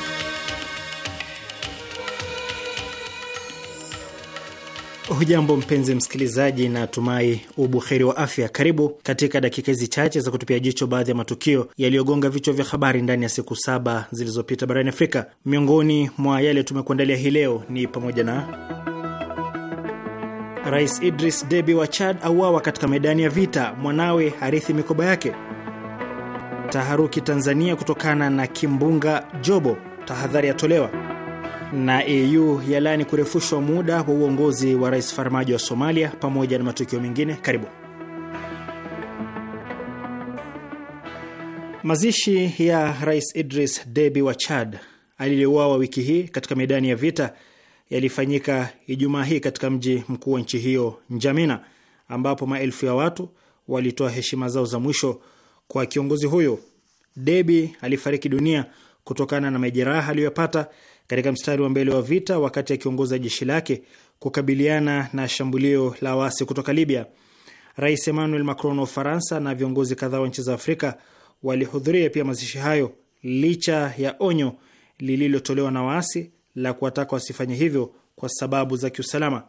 Hujambo mpenzi msikilizaji, na tumai ubuheri wa afya. Karibu katika dakika hizi chache za kutupia jicho baadhi ya matukio yaliyogonga vichwa vya habari ndani ya siku saba zilizopita barani Afrika. Miongoni mwa yale tumekuandalia hii leo ni pamoja na Rais Idris Deby wa Chad auawa katika medani ya vita, mwanawe harithi mikoba yake; taharuki Tanzania kutokana na kimbunga Jobo, tahadhari yatolewa na AU yalani kurefushwa muda wa uongozi wa Rais Farmajo wa Somalia pamoja na matukio mengine. Karibu. Mazishi ya Rais Idris Deby wa Chad aliyeuawa wiki hii katika medani ya vita yalifanyika Ijumaa hii katika mji mkuu wa nchi hiyo njamina ambapo maelfu ya watu walitoa heshima zao za mwisho kwa kiongozi huyo. Deby alifariki dunia kutokana na majeraha aliyoyapata katika mstari wa mbele wa vita wakati akiongoza jeshi lake kukabiliana na shambulio la waasi kutoka Libya. Rais Emmanuel Macron wa Ufaransa na viongozi kadhaa wa nchi za Afrika walihudhuria pia mazishi hayo licha ya onyo lililotolewa na waasi la kuwataka wasifanye hivyo kwa sababu za kiusalama.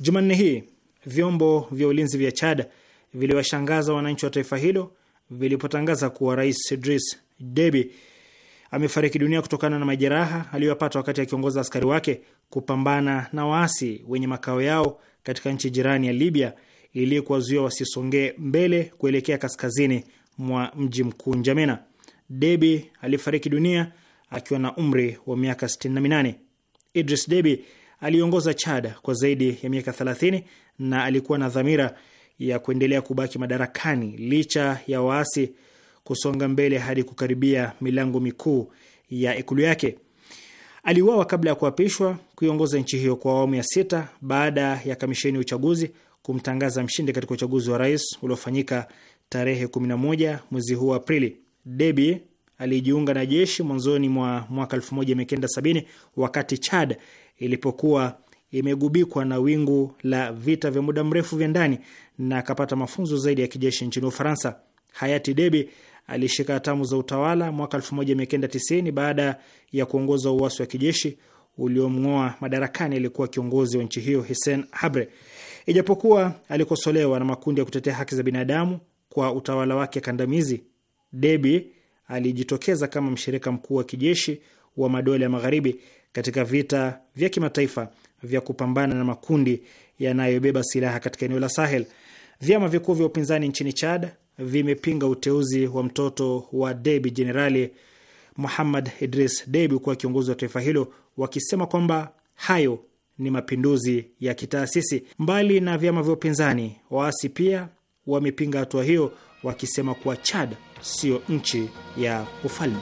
Jumanne hii vyombo vya ulinzi vya Chad viliwashangaza wananchi wa taifa hilo vilipotangaza kuwa Rais Idris Deby amefariki dunia kutokana na majeraha aliyoyapata wakati akiongoza askari wake kupambana na waasi wenye makao yao katika nchi jirani ya Libya ili kuwazuia wasisongee mbele kuelekea kaskazini mwa mji mkuu Njamena. Debi alifariki dunia akiwa na umri wa miaka 68. Idris Debi aliongoza Chad kwa zaidi ya miaka 30 na alikuwa na dhamira ya kuendelea kubaki madarakani licha ya waasi kusonga mbele hadi kukaribia milango mikuu ya ikulu yake. Aliuawa kabla ya kuapishwa kuiongoza nchi hiyo kwa awamu ya sita baada ya kamisheni ya uchaguzi kumtangaza mshindi katika uchaguzi wa rais uliofanyika tarehe 11 mwezi huu Aprili. Deby alijiunga na jeshi mwanzoni mwa mwaka 1970 wakati Chad ilipokuwa imegubikwa na wingu la vita vya muda mrefu vya ndani na akapata mafunzo zaidi ya kijeshi nchini Ufaransa. Hayati Deby alishika hatamu za utawala mwaka 1990 baada ya kuongoza uasi wa kijeshi uliomng'oa madarakani aliyekuwa kiongozi wa nchi hiyo Hisen Habre. Ijapokuwa alikosolewa na makundi ya kutetea haki za binadamu kwa utawala wake kandamizi, Debi alijitokeza kama mshirika mkuu wa kijeshi wa madola ya magharibi katika vita vya kimataifa vya kupambana na makundi yanayobeba silaha katika eneo la Sahel. Vyama vikuu vya upinzani nchini Chad vimepinga uteuzi wa mtoto wa Debi, Jenerali Muhammad Idris Debi, kuwa kiongozi wa taifa hilo, wakisema kwamba hayo ni mapinduzi ya kitaasisi. Mbali na vyama vya upinzani, waasi pia wamepinga hatua hiyo, wakisema kuwa Chad siyo nchi ya ufalme.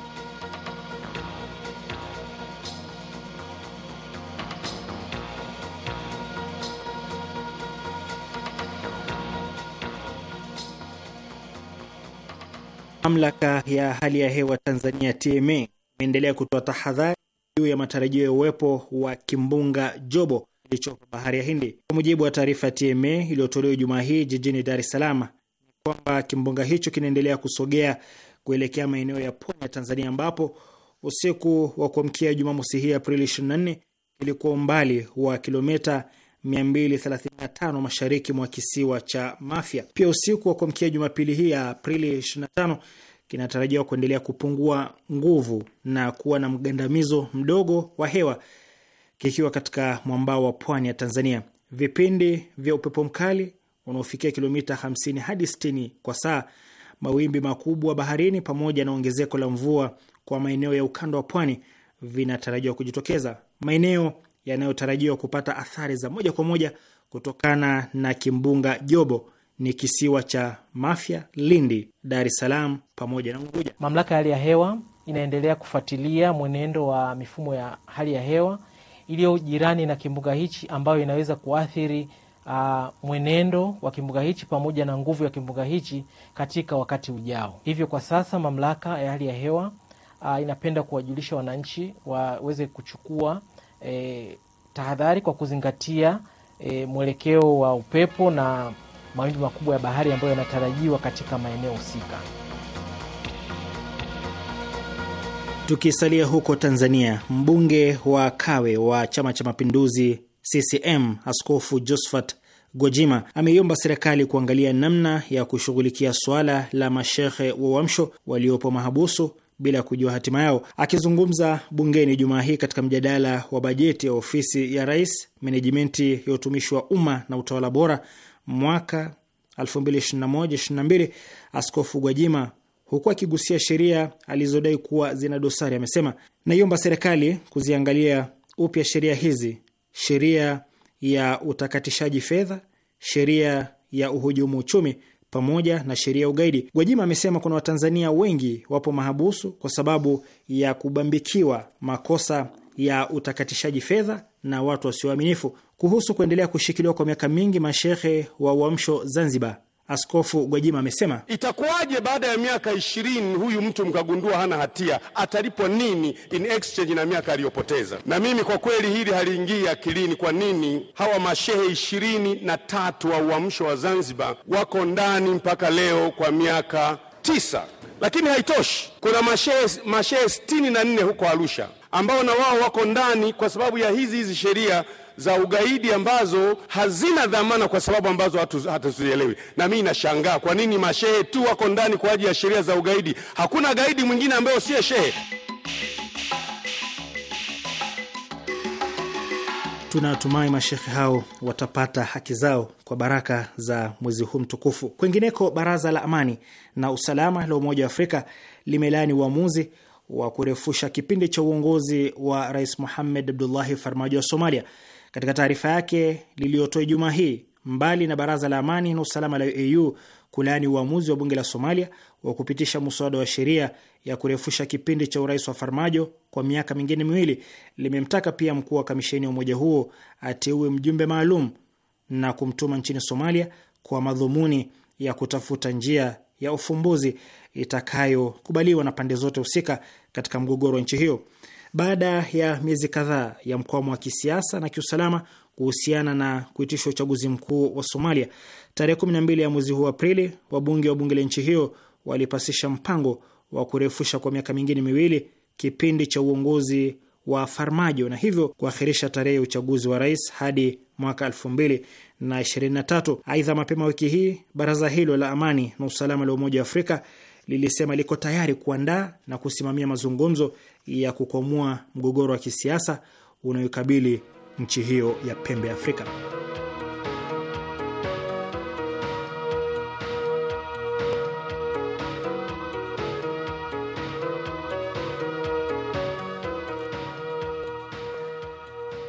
Mamlaka ya hali ya hewa Tanzania TMA imeendelea kutoa tahadhari juu ya matarajio ya uwepo wa kimbunga Jobo kilichopo bahari ya Hindi. Kwa mujibu wa taarifa ya TMA iliyotolewa Jumaa hii jijini Dar es Salaam, ni kwamba kimbunga hicho kinaendelea kusogea kuelekea maeneo ya pwani ya Tanzania, ambapo usiku wa kuamkia Jumamosi hii Aprili 24 kilikuwa umbali wa kilomita 235 mashariki mwa kisiwa cha Mafia. Pia usiku wa kuamkia Jumapili hii ya Aprili 25 kinatarajiwa kuendelea kupungua nguvu na kuwa na mgandamizo mdogo wa hewa kikiwa katika mwambao wa pwani ya Tanzania. Vipindi vya upepo mkali unaofikia kilomita 50 hadi 60 kwa saa, mawimbi makubwa baharini, pamoja na ongezeko la mvua kwa maeneo ya ukanda wa pwani vinatarajiwa kujitokeza. Maeneo yanayotarajiwa kupata athari za moja kwa moja kutokana na kimbunga Jobo ni kisiwa cha Mafia, Lindi, Dar es Salaam pamoja na Unguja. Mamlaka ya hali ya hewa inaendelea kufuatilia mwenendo wa mifumo ya hali ya hewa iliyo jirani na kimbunga hichi ambayo inaweza kuathiri uh, mwenendo wa kimbunga hichi pamoja na nguvu ya kimbunga hichi katika wakati ujao. Hivyo kwa sasa mamlaka ya hali ya hewa uh, inapenda kuwajulisha wananchi waweze kuchukua e, tahadhari kwa kuzingatia e, mwelekeo wa upepo na mawimbi makubwa ya bahari ambayo yanatarajiwa katika maeneo husika. Tukisalia huko Tanzania, mbunge wa Kawe wa Chama cha Mapinduzi CCM Askofu Josephat Gwajima ameiomba serikali kuangalia namna ya kushughulikia suala la mashehe wa Uamsho waliopo mahabusu bila kujua hatima yao. Akizungumza bungeni Jumaa hii katika mjadala wa bajeti ya ofisi ya rais, menejimenti ya utumishi wa umma na utawala bora mwaka 2021/22 Askofu Gwajima huku akigusia sheria alizodai kuwa zina dosari, amesema naiomba serikali kuziangalia upya sheria hizi, sheria ya utakatishaji fedha, sheria ya uhujumu uchumi pamoja na sheria ya ugaidi. Gwajima amesema kuna Watanzania wengi wapo mahabusu kwa sababu ya kubambikiwa makosa ya utakatishaji fedha na watu wasioaminifu. Kuhusu kuendelea kushikiliwa kwa miaka mingi mashehe wa Uamsho Zanzibar Askofu Gwajima amesema itakuwaje baada ya miaka ishirini huyu mtu mkagundua hana hatia, atalipwa nini in exchange na miaka aliyopoteza? Na mimi kwa kweli hili haliingii akilini. Kwa nini hawa mashehe ishirini na tatu wa uamsho wa Zanzibar wako ndani mpaka leo kwa miaka tisa? Lakini haitoshi, kuna mashehe mashehe sitini na nne huko Arusha ambao na wao wako ndani kwa sababu ya hizi hizi sheria za ugaidi ambazo hazina dhamana kwa sababu ambazo hatuzielewi. Na mimi nashangaa kwa nini mashehe tu wako ndani kwa ajili ya sheria za ugaidi. Hakuna gaidi mwingine ambayo sio shehe. Tunatumai mashehe hao watapata haki zao kwa baraka za mwezi huu mtukufu. Kwingineko, baraza la amani na usalama la Umoja wa Afrika limelaani uamuzi wa kurefusha kipindi cha uongozi wa Rais Mohamed Abdullahi Farmajo wa Somalia. Katika taarifa yake liliyotoa Ijumaa hii, mbali na baraza la amani na usalama la AU kulaani uamuzi wa bunge la Somalia wa kupitisha mswada wa sheria ya kurefusha kipindi cha urais wa Farmajo kwa miaka mingine miwili, limemtaka pia mkuu wa kamisheni ya umoja huo ateue mjumbe maalum na kumtuma nchini Somalia kwa madhumuni ya kutafuta njia ya ufumbuzi itakayokubaliwa na pande zote husika katika mgogoro wa nchi hiyo baada ya miezi kadhaa ya mkwamo wa kisiasa na kiusalama kuhusiana na kuitishwa uchaguzi mkuu wa Somalia. Tarehe mbili ya mwezi huu Aprili, wabunge wa bunge la nchi hiyo walipasisha mpango wa kurefusha kwa miaka mingine miwili kipindi cha uongozi wa Farmajo na hivyo kuakhirisha tarehe ya uchaguzi wa rais hadi mwaka tatu. Aidha, mapema wiki hii baraza hilo la amani na usalama la Umoja wa Afrika lilisema liko tayari kuandaa na kusimamia mazungumzo ya kukwamua mgogoro wa kisiasa unayoikabili nchi hiyo ya pembe Afrika.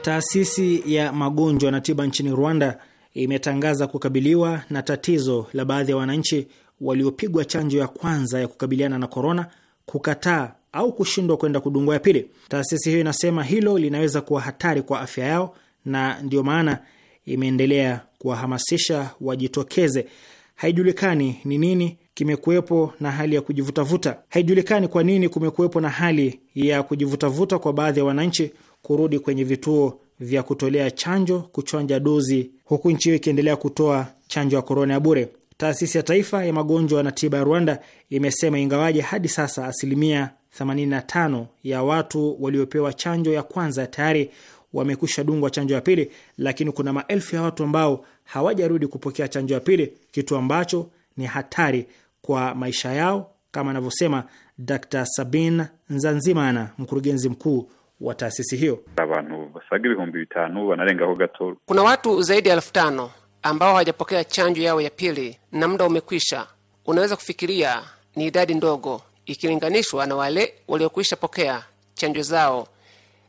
Taasisi ya magonjwa na tiba nchini Rwanda imetangaza kukabiliwa na tatizo la baadhi ya wananchi waliopigwa chanjo ya kwanza ya kukabiliana na korona kukataa au kushindwa kwenda kudungwa ya pili. Taasisi hiyo inasema hilo linaweza kuwa hatari kwa afya yao, na ndiyo maana imeendelea kuwahamasisha wajitokeze. Haijulikani ni nini kimekuwepo na hali ya kujivutavuta. Haijulikani kwa nini kumekuwepo na hali ya kujivutavuta kwa baadhi ya wananchi kurudi kwenye vituo vya kutolea chanjo kuchanja dozi, huku nchi hiyo ikiendelea kutoa chanjo ya korona ya bure. Taasisi ya Taifa ya Magonjwa na Tiba ya Rwanda imesema ingawaje hadi sasa asilimia 85 ya watu waliopewa chanjo ya kwanza tayari wamekwisha dungwa chanjo ya pili, lakini kuna maelfu ya watu ambao hawajarudi kupokea chanjo ya pili, kitu ambacho ni hatari kwa maisha yao, kama anavyosema Dr Sabin Nzanzimana, mkurugenzi mkuu wa taasisi hiyo. Kuna watu zaidi ya elfu tano ambao hawajapokea chanjo yao ya pili na muda umekwisha, unaweza kufikiria ni idadi ndogo ikilinganishwa na wale waliokwisha pokea chanjo zao,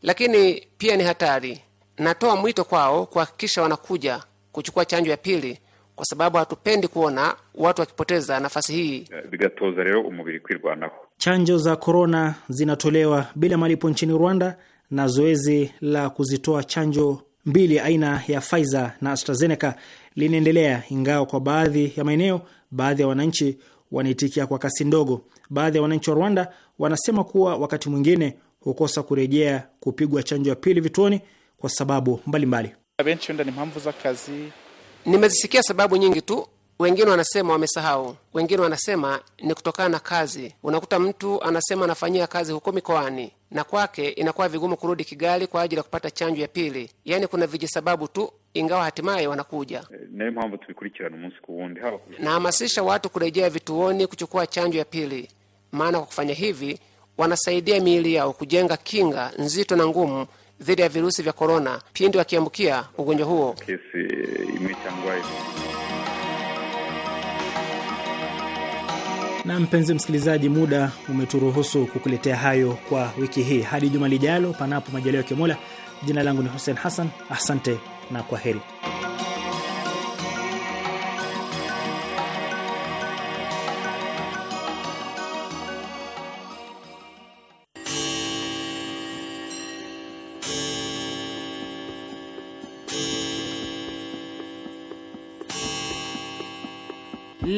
lakini pia ni hatari. Natoa mwito kwao kuhakikisha wanakuja kuchukua chanjo ya pili kwa sababu hatupendi kuona watu wakipoteza nafasi hii. Eh, bigatoza umubiri kwirwanaho. Chanjo za korona zinatolewa bila malipo nchini Rwanda, na zoezi la kuzitoa chanjo mbili aina ya Pfizer na AstraZeneca linaendelea, ingawa kwa baadhi ya maeneo baadhi ya wananchi wanaitikia kwa kasi ndogo. Baadhi ya wananchi wa Rwanda wanasema kuwa wakati mwingine hukosa kurejea kupigwa chanjo ya pili vituoni kwa sababu mbalimbali. Nimezisikia sababu nyingi tu wengine wanasema wamesahau, wengine wanasema ni kutokana na kazi. Unakuta mtu anasema anafanyia kazi huko mikoani na kwake inakuwa vigumu kurudi Kigali kwa ajili ya kupata chanjo ya pili. Yaani kuna vijisababu tu, ingawa hatimaye wanakuja. Eh, Nahamasisha watu kurejea vituoni kuchukua chanjo ya pili, maana kwa kufanya hivi wanasaidia miili yao kujenga kinga nzito na ngumu dhidi ya virusi vya korona pindi wakiambukia ugonjwa huo. Kisi, eh, Na mpenzi msikilizaji, muda umeturuhusu kukuletea hayo kwa wiki hii. Hadi juma lijalo, panapo majaliwa ya Mola. Jina langu ni Hussein Hassan, asante na kwa heri.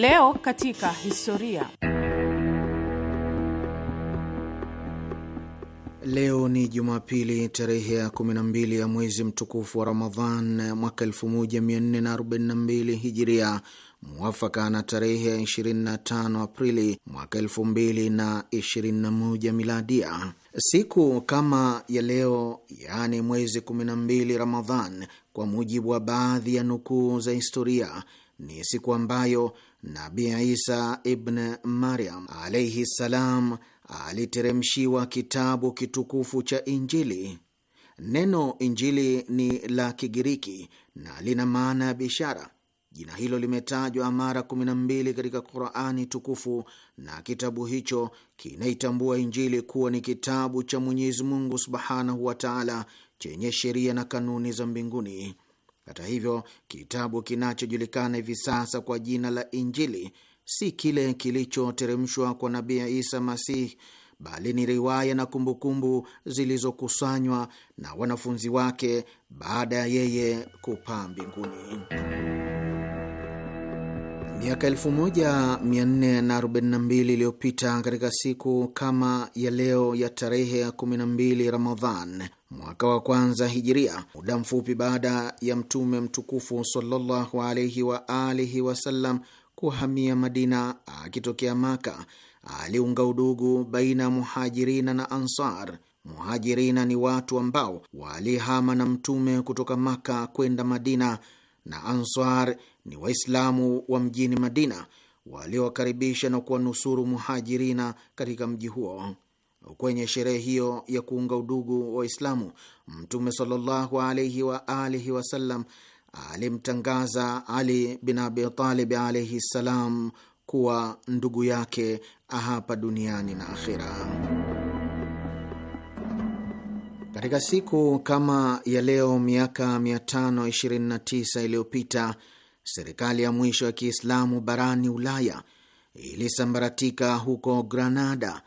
Leo katika historia. Leo ni Jumapili, tarehe ya 12 ya mwezi mtukufu wa Ramadhan mwaka 1442 Hijiria, mwafaka na tarehe ya 25 Aprili mwaka 2021 Miladia. Siku kama ya leo, yaani mwezi 12 Ramadhan, kwa mujibu wa baadhi ya nukuu za historia, ni siku ambayo Nabi Isa ibn Maryam alaihi ssalam aliteremshiwa kitabu kitukufu cha Injili. Neno Injili ni la Kigiriki na lina maana ya bishara. Jina hilo limetajwa mara 12 katika Qurani tukufu na kitabu hicho kinaitambua Injili kuwa ni kitabu cha Mwenyezi Mungu subhanahu wa taala chenye sheria na kanuni za mbinguni. Hata hivyo, kitabu kinachojulikana hivi sasa kwa jina la Injili si kile kilichoteremshwa kwa Nabii Isa Masihi, bali ni riwaya na kumbukumbu zilizokusanywa na wanafunzi wake baada ya yeye kupaa mbinguni. Miaka 1442 iliyopita katika siku kama ya leo ya tarehe ya 12 Ramadhan mwaka wa kwanza hijiria, muda mfupi baada ya Mtume mtukufu sallallahu alaihi wa alihi wasallam kuhamia Madina akitokea Maka, aliunga udugu baina ya Muhajirina na Ansar. Muhajirina ni watu ambao walihama na Mtume kutoka Maka kwenda Madina na Ansar ni Waislamu wa mjini Madina waliowakaribisha na kuwanusuru muhajirina katika mji huo. Kwenye sherehe hiyo ya kuunga udugu wa Waislamu, Mtume sallallahu alaihi wa alihi wasallam alimtangaza Ali bin Abi Talib alaihi ssalam kuwa ndugu yake hapa duniani na akhira. Katika siku kama ya leo miaka 529 iliyopita serikali ya mwisho ya Kiislamu barani Ulaya ilisambaratika huko Granada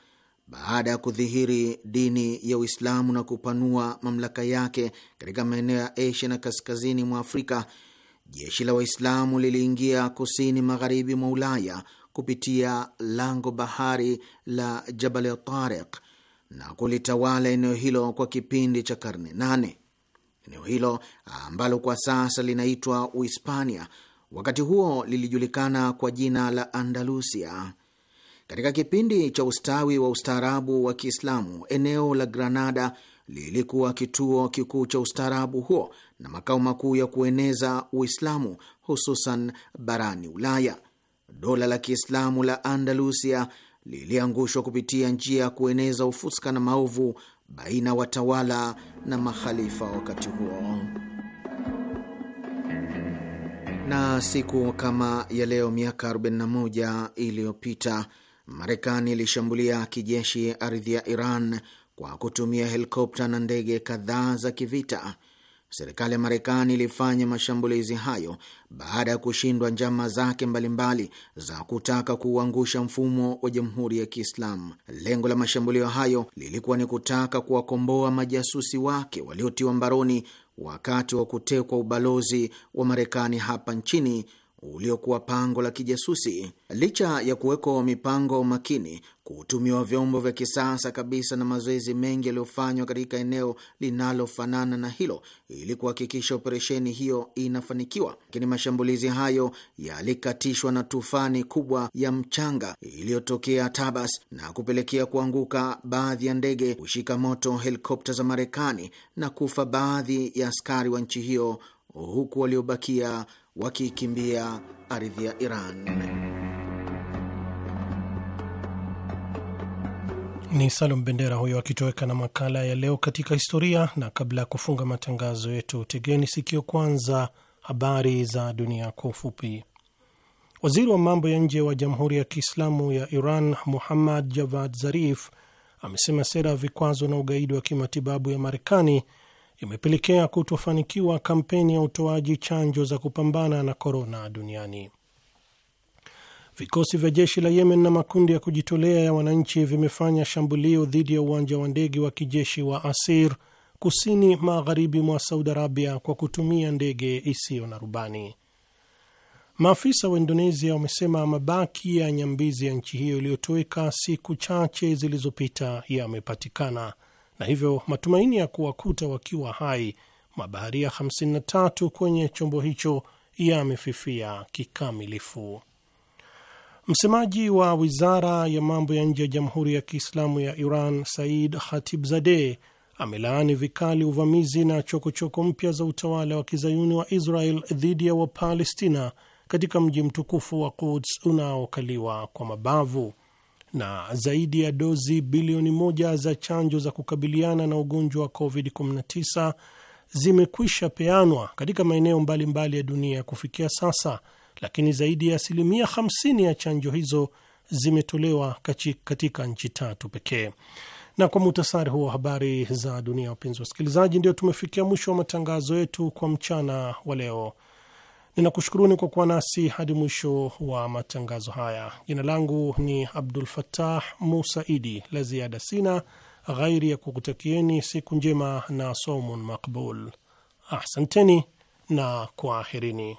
baada ya kudhihiri dini ya Uislamu na kupanua mamlaka yake katika maeneo ya Asia na kaskazini mwa Afrika, jeshi la Waislamu liliingia kusini magharibi mwa Ulaya kupitia lango bahari la Jabal Tariq na kulitawala eneo hilo kwa kipindi cha karne nane. Eneo hilo ambalo kwa sasa linaitwa Uhispania wakati huo lilijulikana kwa jina la Andalusia. Katika kipindi cha ustawi wa ustaarabu wa Kiislamu, eneo la Granada lilikuwa kituo kikuu cha ustaarabu huo na makao makuu ya kueneza Uislamu hususan barani Ulaya. Dola la Kiislamu la Andalusia liliangushwa kupitia njia ya kueneza ufuska na maovu baina watawala na makhalifa wakati huo. Na siku kama ya leo miaka 41 iliyopita Marekani ilishambulia kijeshi ardhi ya Iran kwa kutumia helikopta na ndege kadhaa za kivita. Serikali ya Marekani ilifanya mashambulizi hayo baada ya kushindwa njama zake mbalimbali za kutaka kuuangusha mfumo wa jamhuri ya Kiislamu. Lengo la mashambulio hayo lilikuwa ni kutaka kuwakomboa majasusi wake waliotiwa mbaroni wakati wa kutekwa ubalozi wa Marekani hapa nchini uliokuwa pango la kijasusi. Licha ya kuwekwa mipango makini, kutumiwa vyombo vya kisasa kabisa na mazoezi mengi yaliyofanywa katika eneo linalofanana na hilo ili kuhakikisha operesheni hiyo inafanikiwa, lakini mashambulizi hayo yalikatishwa na tufani kubwa ya mchanga iliyotokea Tabas na kupelekea kuanguka baadhi ya ndege, kushika moto helikopta za Marekani na kufa baadhi ya askari wa nchi hiyo huku waliobakia wakiikimbia ardhi ya Iran. Ni Salum Bendera huyo akitoweka na makala ya leo katika historia. Na kabla ya kufunga matangazo yetu, tegeni sikio kwanza habari za dunia kwa ufupi. Waziri wa mambo ya nje wa Jamhuri ya Kiislamu ya Iran Muhammad Javad Zarif amesema sera ya vikwazo na ugaidi wa kimatibabu ya Marekani imepelekea kutofanikiwa kampeni ya utoaji chanjo za kupambana na korona duniani. Vikosi vya jeshi la Yemen na makundi ya kujitolea ya wananchi vimefanya shambulio dhidi ya uwanja wa ndege wa kijeshi wa Asir kusini magharibi mwa Saudi Arabia kwa kutumia ndege isiyo na rubani. Maafisa wa Indonesia wamesema mabaki ya nyambizi ya nchi hiyo iliyotoweka siku chache zilizopita yamepatikana na hivyo matumaini ya kuwakuta wakiwa hai mabaharia 53 kwenye chombo hicho yamefifia kikamilifu. Msemaji wa wizara ya mambo ya nje ya Jamhuri ya Kiislamu ya Iran, Said Khatibzadeh, amelaani vikali uvamizi na chokochoko mpya za utawala wa kizayuni wa Israel dhidi ya Wapalestina katika mji mtukufu wa Quds unaokaliwa kwa mabavu na zaidi ya dozi bilioni moja za chanjo za kukabiliana na ugonjwa wa COVID-19 zimekwisha peanwa katika maeneo mbalimbali ya dunia kufikia sasa, lakini zaidi ya asilimia 50 ya chanjo hizo zimetolewa katika nchi tatu pekee. Na kwa muhtasari huo habari za dunia, wapenzi wasikilizaji, ndio tumefikia mwisho wa matangazo yetu kwa mchana wa leo. Ninakushukuruni kwa kuwa nasi hadi mwisho wa matangazo haya. Jina langu ni Abdul Fattah Musaidi. La ziada sina ghairi ya kukutakieni siku njema na somun makbul. Ahsanteni na kwaherini.